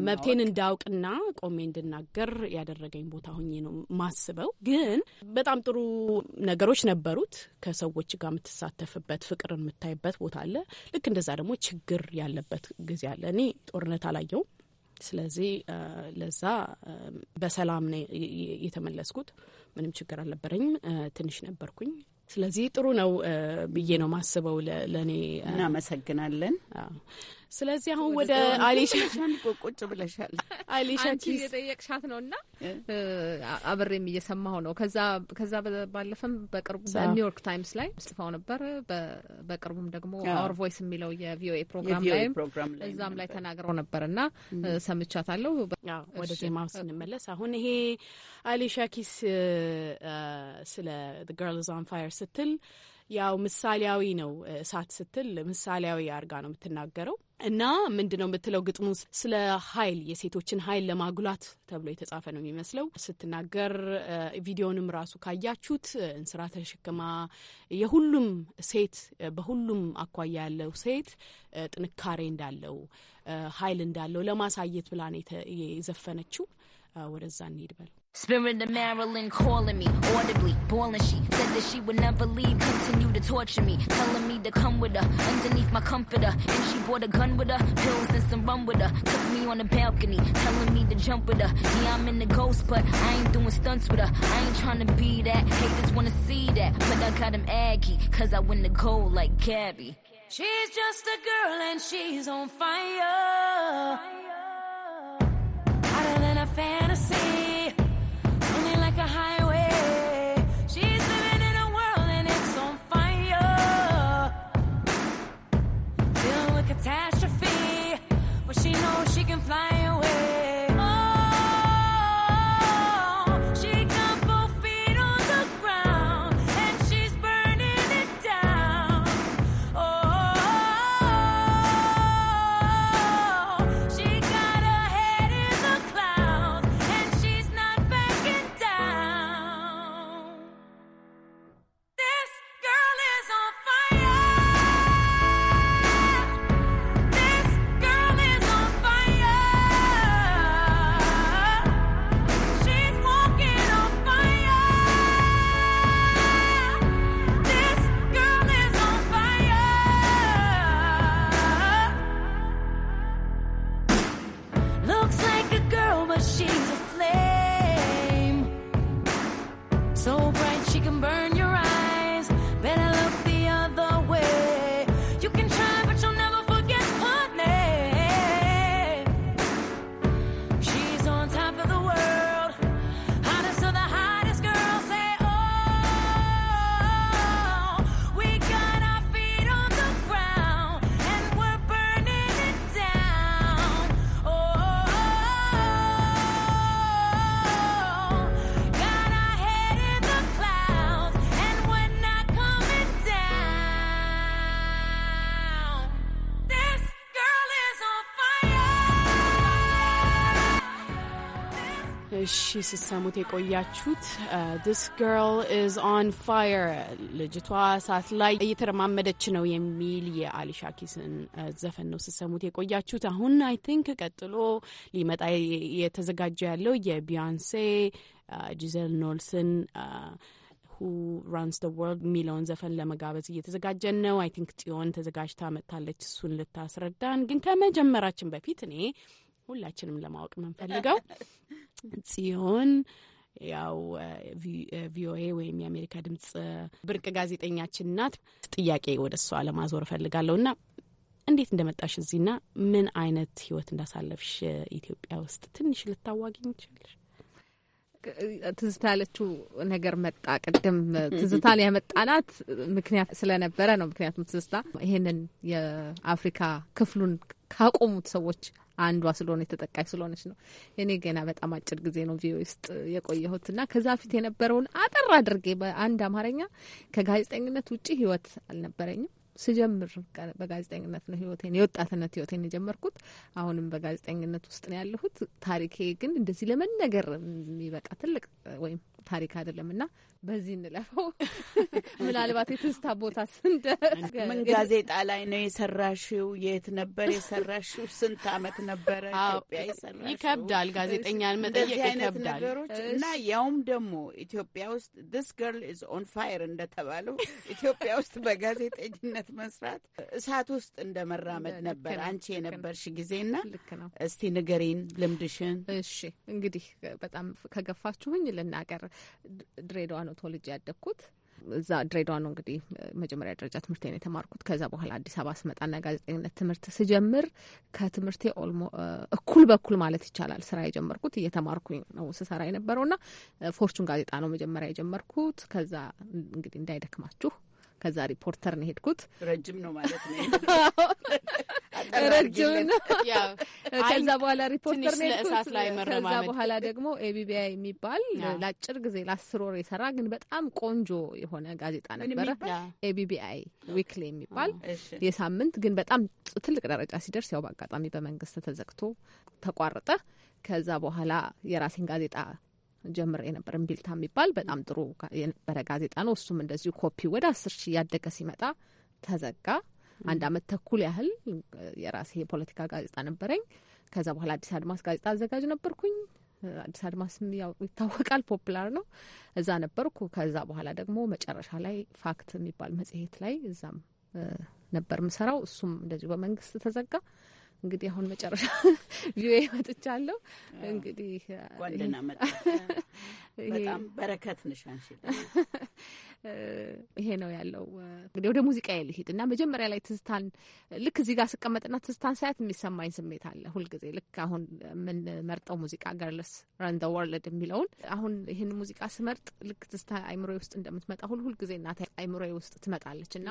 መብቴን እንዳውቅና ቆሜ እንድናገር ያደረገኝ ቦታ ሆኜ ነው ማስበው። ግን በጣም ጥሩ ነገሮች ነበሩት። ከሰዎች ጋር የምትሳተፍበት ፍቅር የምታይበት ቦታ አለ። ልክ እንደዛ ደግሞ ችግር ያለበት ጊዜ አለ። እኔ ጦርነት አላየውም። ስለዚህ ለዛ በሰላም ነው የተመለስኩት። ምንም ችግር አልነበረኝም። ትንሽ ነበርኩኝ ስለዚህ ጥሩ ነው ብዬ ነው ማስበው ለእኔ። እናመሰግናለን። ስለዚህ አሁን ወደ አሊሻን ቁጭ ብለሻል። አሊሻ ኪስ የጠየቅሻት ነው እና አብሬም እየሰማሁ ነው። ከዛ ባለፈም በቅርቡ በኒውዮርክ ታይምስ ላይ ጽፋው ነበር። በቅርቡም ደግሞ አወር ቮይስ የሚለው የቪኦኤ ፕሮግራም ላይም እዛም ላይ ተናግረው ነበር እና ሰምቻታለሁ። ወደ ዜማው ስንመለስ አሁን ይሄ አሊሻ ኪስ ስለ ገርልዝ ኦን ፋየር ስትል ያው ምሳሌያዊ ነው እሳት ስትል ምሳሌያዊ አድርጋ ነው የምትናገረው እና ምንድን ነው የምትለው ግጥሙ ስለ ኃይል የሴቶችን ኃይል ለማጉላት ተብሎ የተጻፈ ነው የሚመስለው ስትናገር። ቪዲዮንም ራሱ ካያችሁት እንስራ ተሸክማ የሁሉም ሴት በሁሉም አኳያ ያለው ሴት ጥንካሬ እንዳለው ኃይል እንዳለው ለማሳየት ብላ ነው የዘፈነችው። ወደዛ እንሄድ በል Spirit of Marilyn calling me audibly, bawling she said that she would never leave, continue to torture me, telling me to come with her underneath my comforter. And she brought a gun with her, pills and some rum with her. Took me on the balcony, telling me to jump with her. Yeah, I'm in the ghost, but I ain't doing stunts with her. I ain't trying to be that. Haters wanna see that, but I got him aggy, cause I win the gold like Gabby. She's just a girl and she's on fire. Hotter than a fantasy. እሺ ስሰሙት የቆያችሁት ዲስ ገርል ኢዝ ኦን ፋየር ልጅቷ እሳት ላይ እየተረማመደች ነው የሚል የአሊሻ ኪስን uh, ዘፈን ነው ስሰሙት የቆያችሁት። አሁን አይ ቲንክ ቀጥሎ ሊመጣ የተዘጋጀ ያለው የቢያንሴ uh, ጂዘል ኖልስን ሁ ራንስ ደ ወርልድ የሚለውን ዘፈን ለመጋበዝ እየተዘጋጀን ነው። አይ ቲንክ ጽዮን ተዘጋጅታ መጥታለች እሱን ልታስረዳን። ግን ከመጀመራችን በፊት እኔ ሁላችንም ለማወቅ የምንፈልገው ጽዮን ያው ቪኦኤ ወይም የአሜሪካ ድምጽ ብርቅ ጋዜጠኛችን ናት። ጥያቄ ወደ እሷ ለማዞር እፈልጋለሁ እና እንዴት እንደመጣሽ እዚህና ምን አይነት ህይወት እንዳሳለፍሽ ኢትዮጵያ ውስጥ ትንሽ ልታዋጊኝ ይችላለሽ? ትዝታ ያለችው ነገር መጣ። ቅድም ትዝታን ያመጣናት ምክንያት ስለነበረ ነው። ምክንያቱም ትዝታ ይህንን የአፍሪካ ክፍሉን ካቆሙት ሰዎች አንዷ ስለሆነ የተጠቃሽ ስለሆነች ነው። እኔ ገና በጣም አጭር ጊዜ ነው ቪኦኤ ውስጥ የቆየሁት እና ከዛ ፊት የነበረውን አጠር አድርጌ በአንድ አማርኛ ከጋዜጠኝነት ውጭ ህይወት አልነበረኝም። ስጀምር በጋዜጠኝነት ነው ህይወቴን የወጣትነት ህይወቴን የጀመርኩት። አሁንም በጋዜጠኝነት ውስጥ ነው ያለሁት። ታሪኬ ግን እንደዚህ ለመነገር የሚበቃ ትልቅ ወይም ታሪክ አይደለም እና በዚህ እንለፈው። ምናልባት የትዝታ ቦታ ስንደ ጋዜጣ ላይ ነው የሰራሽው? የት ነበር የሰራሽው? ስንት አመት ነበረ ኢትዮጵያ የሰራሽው? ይከብዳል፣ ጋዜጠኛን መጠየቅ ይከብዳል። ነገሮች እና ያውም ደግሞ ኢትዮጵያ ውስጥ ዲስ ገርል ኢዝ ኦን ፋየር እንደተባለው ኢትዮጵያ ውስጥ በጋዜጠኝነት መስራት እሳት ውስጥ እንደመራመድ ነበር አንቺ የነበርሽ ጊዜና፣ ልክ ነው። እስቲ ንገሪን ልምድሽን። እሺ እንግዲህ በጣም ከገፋችሁኝ ልናገር ድሬዳዋ ነው ተወልጄ ያደግኩት እዛ ድሬዳዋ ነው። እንግዲህ መጀመሪያ ደረጃ ትምህርቴን የተማርኩት ከዛ በኋላ አዲስ አበባ ስመጣና ጋዜጠኝነት ትምህርት ስጀምር ከትምህርቴ ኦልሞ እኩል በኩል ማለት ይቻላል ስራ የጀመርኩት እየተማርኩኝ ነው ስሰራ የነበረውና ፎርቹን ጋዜጣ ነው መጀመሪያ የጀመርኩት። ከዛ እንግዲህ እንዳይደክማችሁ ከዛ ሪፖርተር ነው ሄድኩት። ረጅም ነው ማለት ነው ረጅም ነው። ከዛ በኋላ ሪፖርተር ነው ሄድኩት። ከዛ በኋላ ደግሞ ኤቢቢአይ የሚባል ለአጭር ጊዜ ለአስር ወር የሰራ ግን በጣም ቆንጆ የሆነ ጋዜጣ ነበረ። ኤቢቢአይ ዊክሊ የሚባል የሳምንት ግን በጣም ትልቅ ደረጃ ሲደርስ ያው በአጋጣሚ በመንግስት ተዘግቶ ተቋረጠ። ከዛ በኋላ የራሴን ጋዜጣ ጀምሬ ነበር። እምቢልታ የሚባል በጣም ጥሩ የነበረ ጋዜጣ ነው። እሱም እንደዚሁ ኮፒ ወደ አስር ሺህ እያደገ ሲመጣ ተዘጋ። አንድ አመት ተኩል ያህል የራሴ የፖለቲካ ጋዜጣ ነበረኝ። ከዛ በኋላ አዲስ አድማስ ጋዜጣ አዘጋጅ ነበርኩኝ። አዲስ አድማስ ይታወቃል፣ ፖፕላር ነው። እዛ ነበርኩ። ከዛ በኋላ ደግሞ መጨረሻ ላይ ፋክት የሚባል መጽሔት ላይ እዛም ነበር ምሰራው። እሱም እንደዚሁ በመንግስት ተዘጋ። እንግዲህ አሁን መጨረሻ ቪኦኤ መጥቻለሁ። እንግዲህ ጓደና መጣ። በጣም በረከት ነሽ አንቺ። ይሄ ነው ያለው። እንግዲህ ወደ ሙዚቃ ልሂድ እና መጀመሪያ ላይ ትዝታን ልክ እዚህ ጋር ስቀመጥና ትዝታን ሳያት የሚሰማኝ ስሜት አለ ሁልጊዜ። ልክ አሁን የምንመርጠው ሙዚቃ ገርልስ ራን ዘ ወርልድ የሚለውን አሁን ይህን ሙዚቃ ስመርጥ ልክ ትዝታ አይምሮ ውስጥ እንደምትመጣ ሁል ሁልጊዜ እናት አይምሮ ውስጥ ትመጣለች እና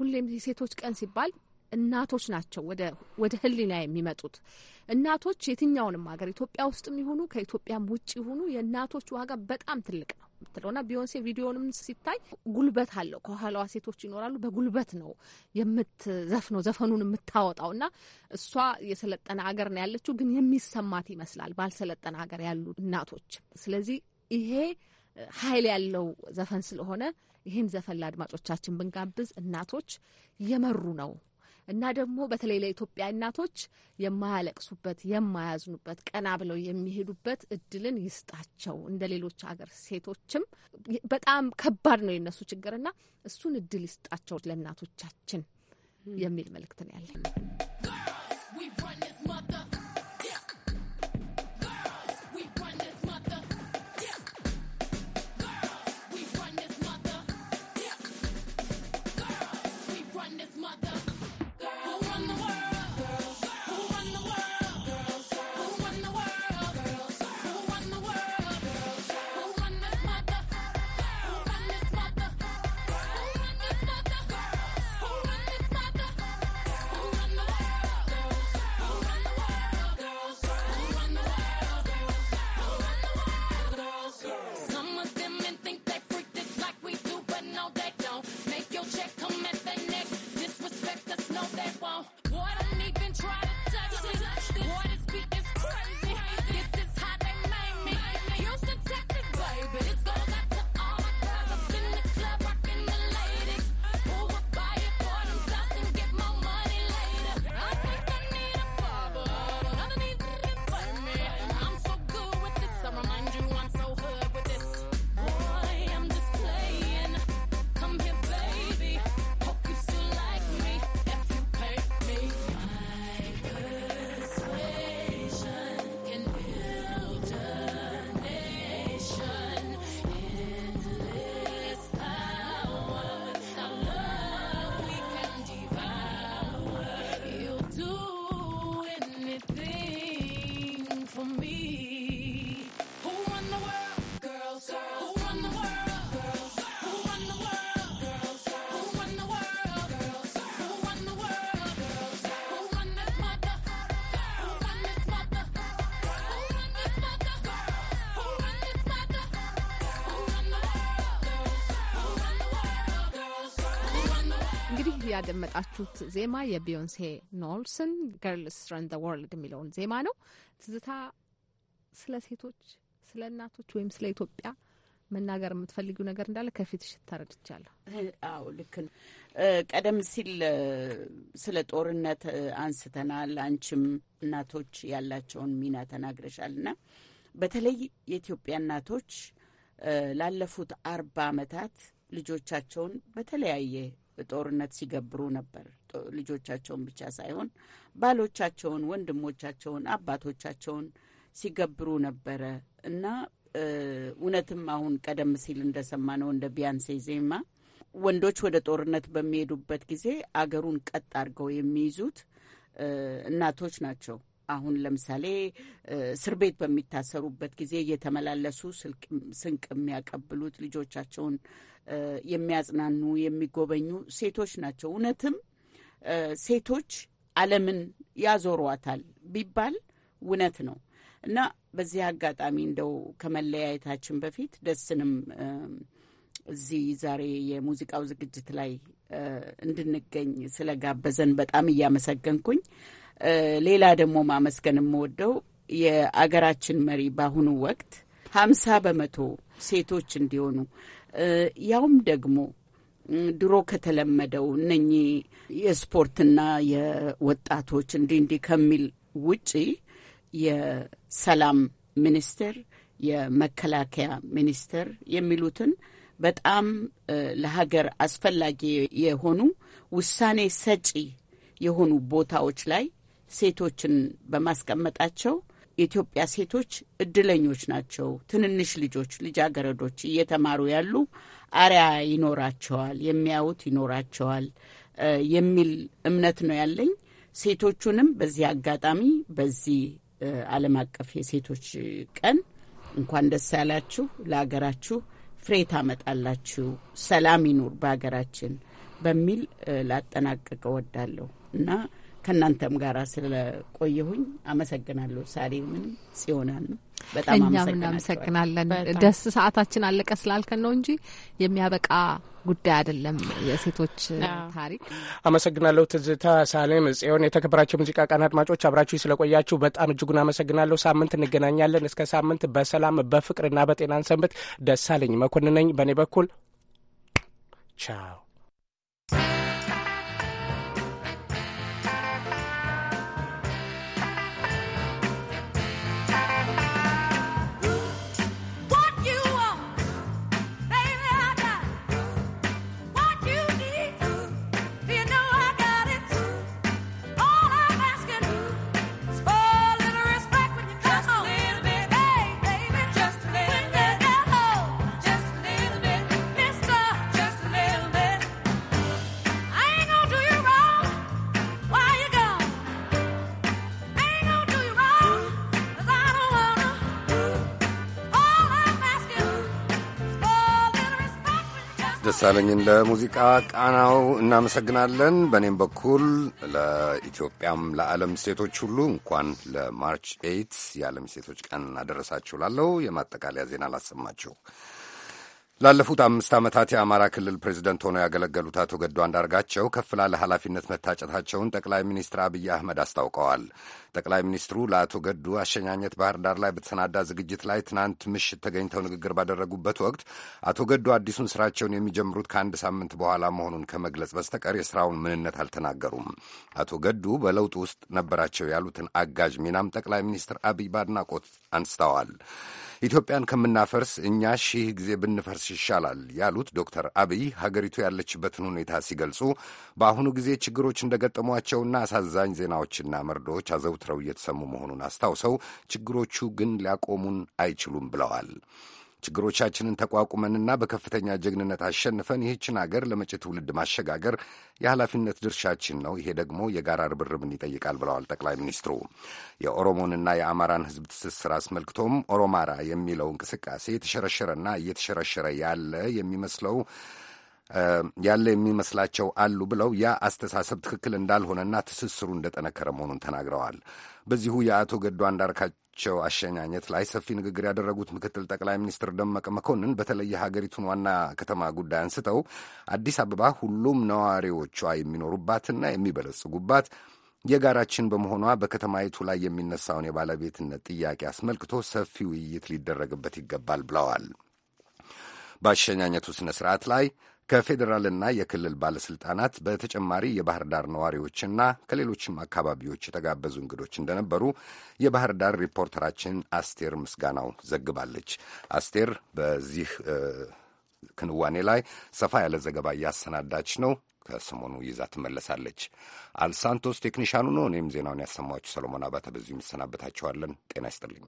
ሁሌም የሴቶች ቀን ሲባል እናቶች ናቸው ወደ ህሊና የሚመጡት። እናቶች የትኛውንም ሀገር ኢትዮጵያ ውስጥ የሚሆኑ ከኢትዮጵያም ውጭ የሆኑ የእናቶች ዋጋ በጣም ትልቅ ነው የምትለውና ቢዮንሴ ቪዲዮንም ሲታይ ጉልበት አለው። ከኋላዋ ሴቶች ይኖራሉ። በጉልበት ነው የምትዘፍነው ዘፈኑን የምታወጣው እና እሷ የሰለጠነ ሀገር ነው ያለችው፣ ግን የሚሰማት ይመስላል ባልሰለጠነ ሀገር ያሉ እናቶች። ስለዚህ ይሄ ኃይል ያለው ዘፈን ስለሆነ ይህን ዘፈን ለአድማጮቻችን ብንጋብዝ እናቶች እየመሩ ነው እና ደግሞ በተለይ ለኢትዮጵያ እናቶች የማያለቅሱበት የማያዝኑበት፣ ቀና ብለው የሚሄዱበት እድልን ይስጣቸው። እንደ ሌሎች ሀገር ሴቶችም በጣም ከባድ ነው የነሱ ችግርና እሱን እድል ይስጣቸው ለእናቶቻችን የሚል ነው ያለኝ ያደመጣችሁት ዜማ የቢዮንሴ ኖልስን ገርልስ ረን ዘ ወርልድ የሚለውን ዜማ ነው። ትዝታ፣ ስለ ሴቶች፣ ስለ እናቶች ወይም ስለ ኢትዮጵያ መናገር የምትፈልጊው ነገር እንዳለ ከፊትሽ ተረድቻለሁ። አዎ ልክ ነው። ቀደም ሲል ስለ ጦርነት አንስተናል። አንቺም እናቶች ያላቸውን ሚና ተናግረሻል እና በተለይ የኢትዮጵያ እናቶች ላለፉት አርባ ዓመታት ልጆቻቸውን በተለያየ ጦርነት ሲገብሩ ነበር። ልጆቻቸውን ብቻ ሳይሆን ባሎቻቸውን፣ ወንድሞቻቸውን፣ አባቶቻቸውን ሲገብሩ ነበረ እና እውነትም አሁን ቀደም ሲል ነው እንደ ቢያንሴ ዜማ ወንዶች ወደ ጦርነት በሚሄዱበት ጊዜ አገሩን ቀጥ አድርገው የሚይዙት እናቶች ናቸው። አሁን ለምሳሌ እስር ቤት በሚታሰሩበት ጊዜ እየተመላለሱ ስንቅ የሚያቀብሉት ልጆቻቸውን የሚያጽናኑ የሚጎበኙ ሴቶች ናቸው። እውነትም ሴቶች ዓለምን ያዞሯታል ቢባል እውነት ነው እና በዚህ አጋጣሚ እንደው ከመለያየታችን በፊት ደስንም እዚህ ዛሬ የሙዚቃው ዝግጅት ላይ እንድንገኝ ስለጋበዘን በጣም እያመሰገንኩኝ፣ ሌላ ደግሞ ማመስገን የምወደው የአገራችን መሪ በአሁኑ ወቅት ሀምሳ በመቶ ሴቶች እንዲሆኑ ያውም ደግሞ ድሮ ከተለመደው እነኚህ የስፖርትና የወጣቶች እንዲህ እንዲህ ከሚል ውጪ የሰላም ሚኒስቴር፣ የመከላከያ ሚኒስቴር የሚሉትን በጣም ለሀገር አስፈላጊ የሆኑ ውሳኔ ሰጪ የሆኑ ቦታዎች ላይ ሴቶችን በማስቀመጣቸው የኢትዮጵያ ሴቶች እድለኞች ናቸው። ትንንሽ ልጆች ልጃገረዶች እየተማሩ ያሉ አሪያ ይኖራቸዋል፣ የሚያዩት ይኖራቸዋል የሚል እምነት ነው ያለኝ። ሴቶቹንም በዚህ አጋጣሚ በዚህ ዓለም አቀፍ የሴቶች ቀን እንኳን ደስ ያላችሁ፣ ለሀገራችሁ ፍሬ ታመጣላችሁ፣ ሰላም ይኑር በሀገራችን በሚል ላጠናቀቅ እወዳለሁ እና ከእናንተም ጋር ስለቆየሁኝ አመሰግናለሁ። ሳሪምን ጽዮናን በጣም እናመሰግናለን። ደስ ሰዓታችን አለቀ ስላልከን ነው እንጂ የሚያበቃ ጉዳይ አይደለም። የሴቶች ታሪክ አመሰግናለሁ። ትዝታ ሳሌም፣ ጽዮን፣ የተከበራቸው ሙዚቃ ቃና አድማጮች አብራችሁ ስለቆያችሁ በጣም እጅጉን አመሰግናለሁ። ሳምንት እንገናኛለን። እስከ ሳምንት በሰላም በፍቅርና በጤናን ሰንበት። ደሳለኝ መኮንነኝ በእኔ በኩል ቻው። ደሳለኝ እንደ ሙዚቃ ቃናው እናመሰግናለን። በእኔም በኩል ለኢትዮጵያም ለዓለም ሴቶች ሁሉ እንኳን ለማርች ኤይት የዓለም ሴቶች ቀን አደረሳችሁ ላለው የማጠቃለያ ዜና አላሰማችሁ። ላለፉት አምስት ዓመታት የአማራ ክልል ፕሬዚደንት ሆነው ያገለገሉት አቶ ገዱ አንዳርጋቸው ከፍ ላለ ኃላፊነት መታጨታቸውን ጠቅላይ ሚኒስትር አብይ አህመድ አስታውቀዋል። ጠቅላይ ሚኒስትሩ ለአቶ ገዱ አሸኛኘት ባህር ዳር ላይ በተሰናዳ ዝግጅት ላይ ትናንት ምሽት ተገኝተው ንግግር ባደረጉበት ወቅት አቶ ገዱ አዲሱን ስራቸውን የሚጀምሩት ከአንድ ሳምንት በኋላ መሆኑን ከመግለጽ በስተቀር የስራውን ምንነት አልተናገሩም። አቶ ገዱ በለውጥ ውስጥ ነበራቸው ያሉትን አጋዥ ሚናም ጠቅላይ ሚኒስትር አብይ በአድናቆት አንስተዋል። ኢትዮጵያን ከምናፈርስ እኛ ሺህ ጊዜ ብንፈርስ ይሻላል ያሉት ዶክተር አብይ ሀገሪቱ ያለችበትን ሁኔታ ሲገልጹ በአሁኑ ጊዜ ችግሮች እንደገጠሟቸውና አሳዛኝ ዜናዎችና መርዶዎች አዘውትረው እየተሰሙ መሆኑን አስታውሰው ችግሮቹ ግን ሊያቆሙን አይችሉም ብለዋል። ችግሮቻችንን ተቋቁመንና በከፍተኛ ጀግንነት አሸንፈን ይህችን አገር ለመጪ ትውልድ ማሸጋገር የኃላፊነት ድርሻችን ነው። ይሄ ደግሞ የጋራ ርብርብን ይጠይቃል ብለዋል ጠቅላይ ሚኒስትሩ። የኦሮሞንና የአማራን ሕዝብ ትስስር አስመልክቶም ኦሮማራ የሚለው እንቅስቃሴ የተሸረሸረና እየተሸረሸረ ያለ የሚመስለው ያለ የሚመስላቸው አሉ ብለው ያ አስተሳሰብ ትክክል እንዳልሆነና ትስስሩ እንደጠነከረ መሆኑን ተናግረዋል። በዚሁ የአቶ ገዱ አንዳርጋቸው በሀገራቸው አሸኛኘት ላይ ሰፊ ንግግር ያደረጉት ምክትል ጠቅላይ ሚኒስትር ደመቀ መኮንን በተለይ የሀገሪቱን ዋና ከተማ ጉዳይ አንስተው አዲስ አበባ ሁሉም ነዋሪዎቿ የሚኖሩባትና የሚበለጽጉባት የጋራችን በመሆኗ በከተማይቱ ላይ የሚነሳውን የባለቤትነት ጥያቄ አስመልክቶ ሰፊ ውይይት ሊደረግበት ይገባል ብለዋል። በአሸኛኘቱ ስነ ስርዓት ላይ ከፌዴራልና የክልል ባለሥልጣናት በተጨማሪ የባህር ዳር ነዋሪዎችና ከሌሎችም አካባቢዎች የተጋበዙ እንግዶች እንደነበሩ የባህር ዳር ሪፖርተራችን አስቴር ምስጋናው ዘግባለች። አስቴር በዚህ ክንዋኔ ላይ ሰፋ ያለ ዘገባ እያሰናዳች ነው። ከሰሞኑ ይዛ ትመለሳለች። አልሳንቶስ ቴክኒሻኑ ነው። እኔም ዜናውን ያሰማችሁ ሰሎሞን አባተ በዚሁ እንሰናበታችኋለን። ጤና ይስጥልኝ።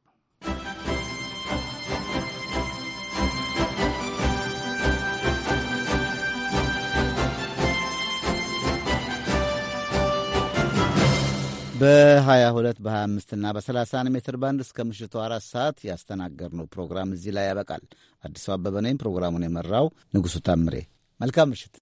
በ22 በ25 እና በ 30 ሜትር ባንድ እስከ ምሽቱ አራት ሰዓት ያስተናገርነው ፕሮግራም እዚህ ላይ ያበቃል። አዲሱ አበበ ነኝ። ፕሮግራሙን የመራው ንጉሡ ታምሬ። መልካም ምሽት።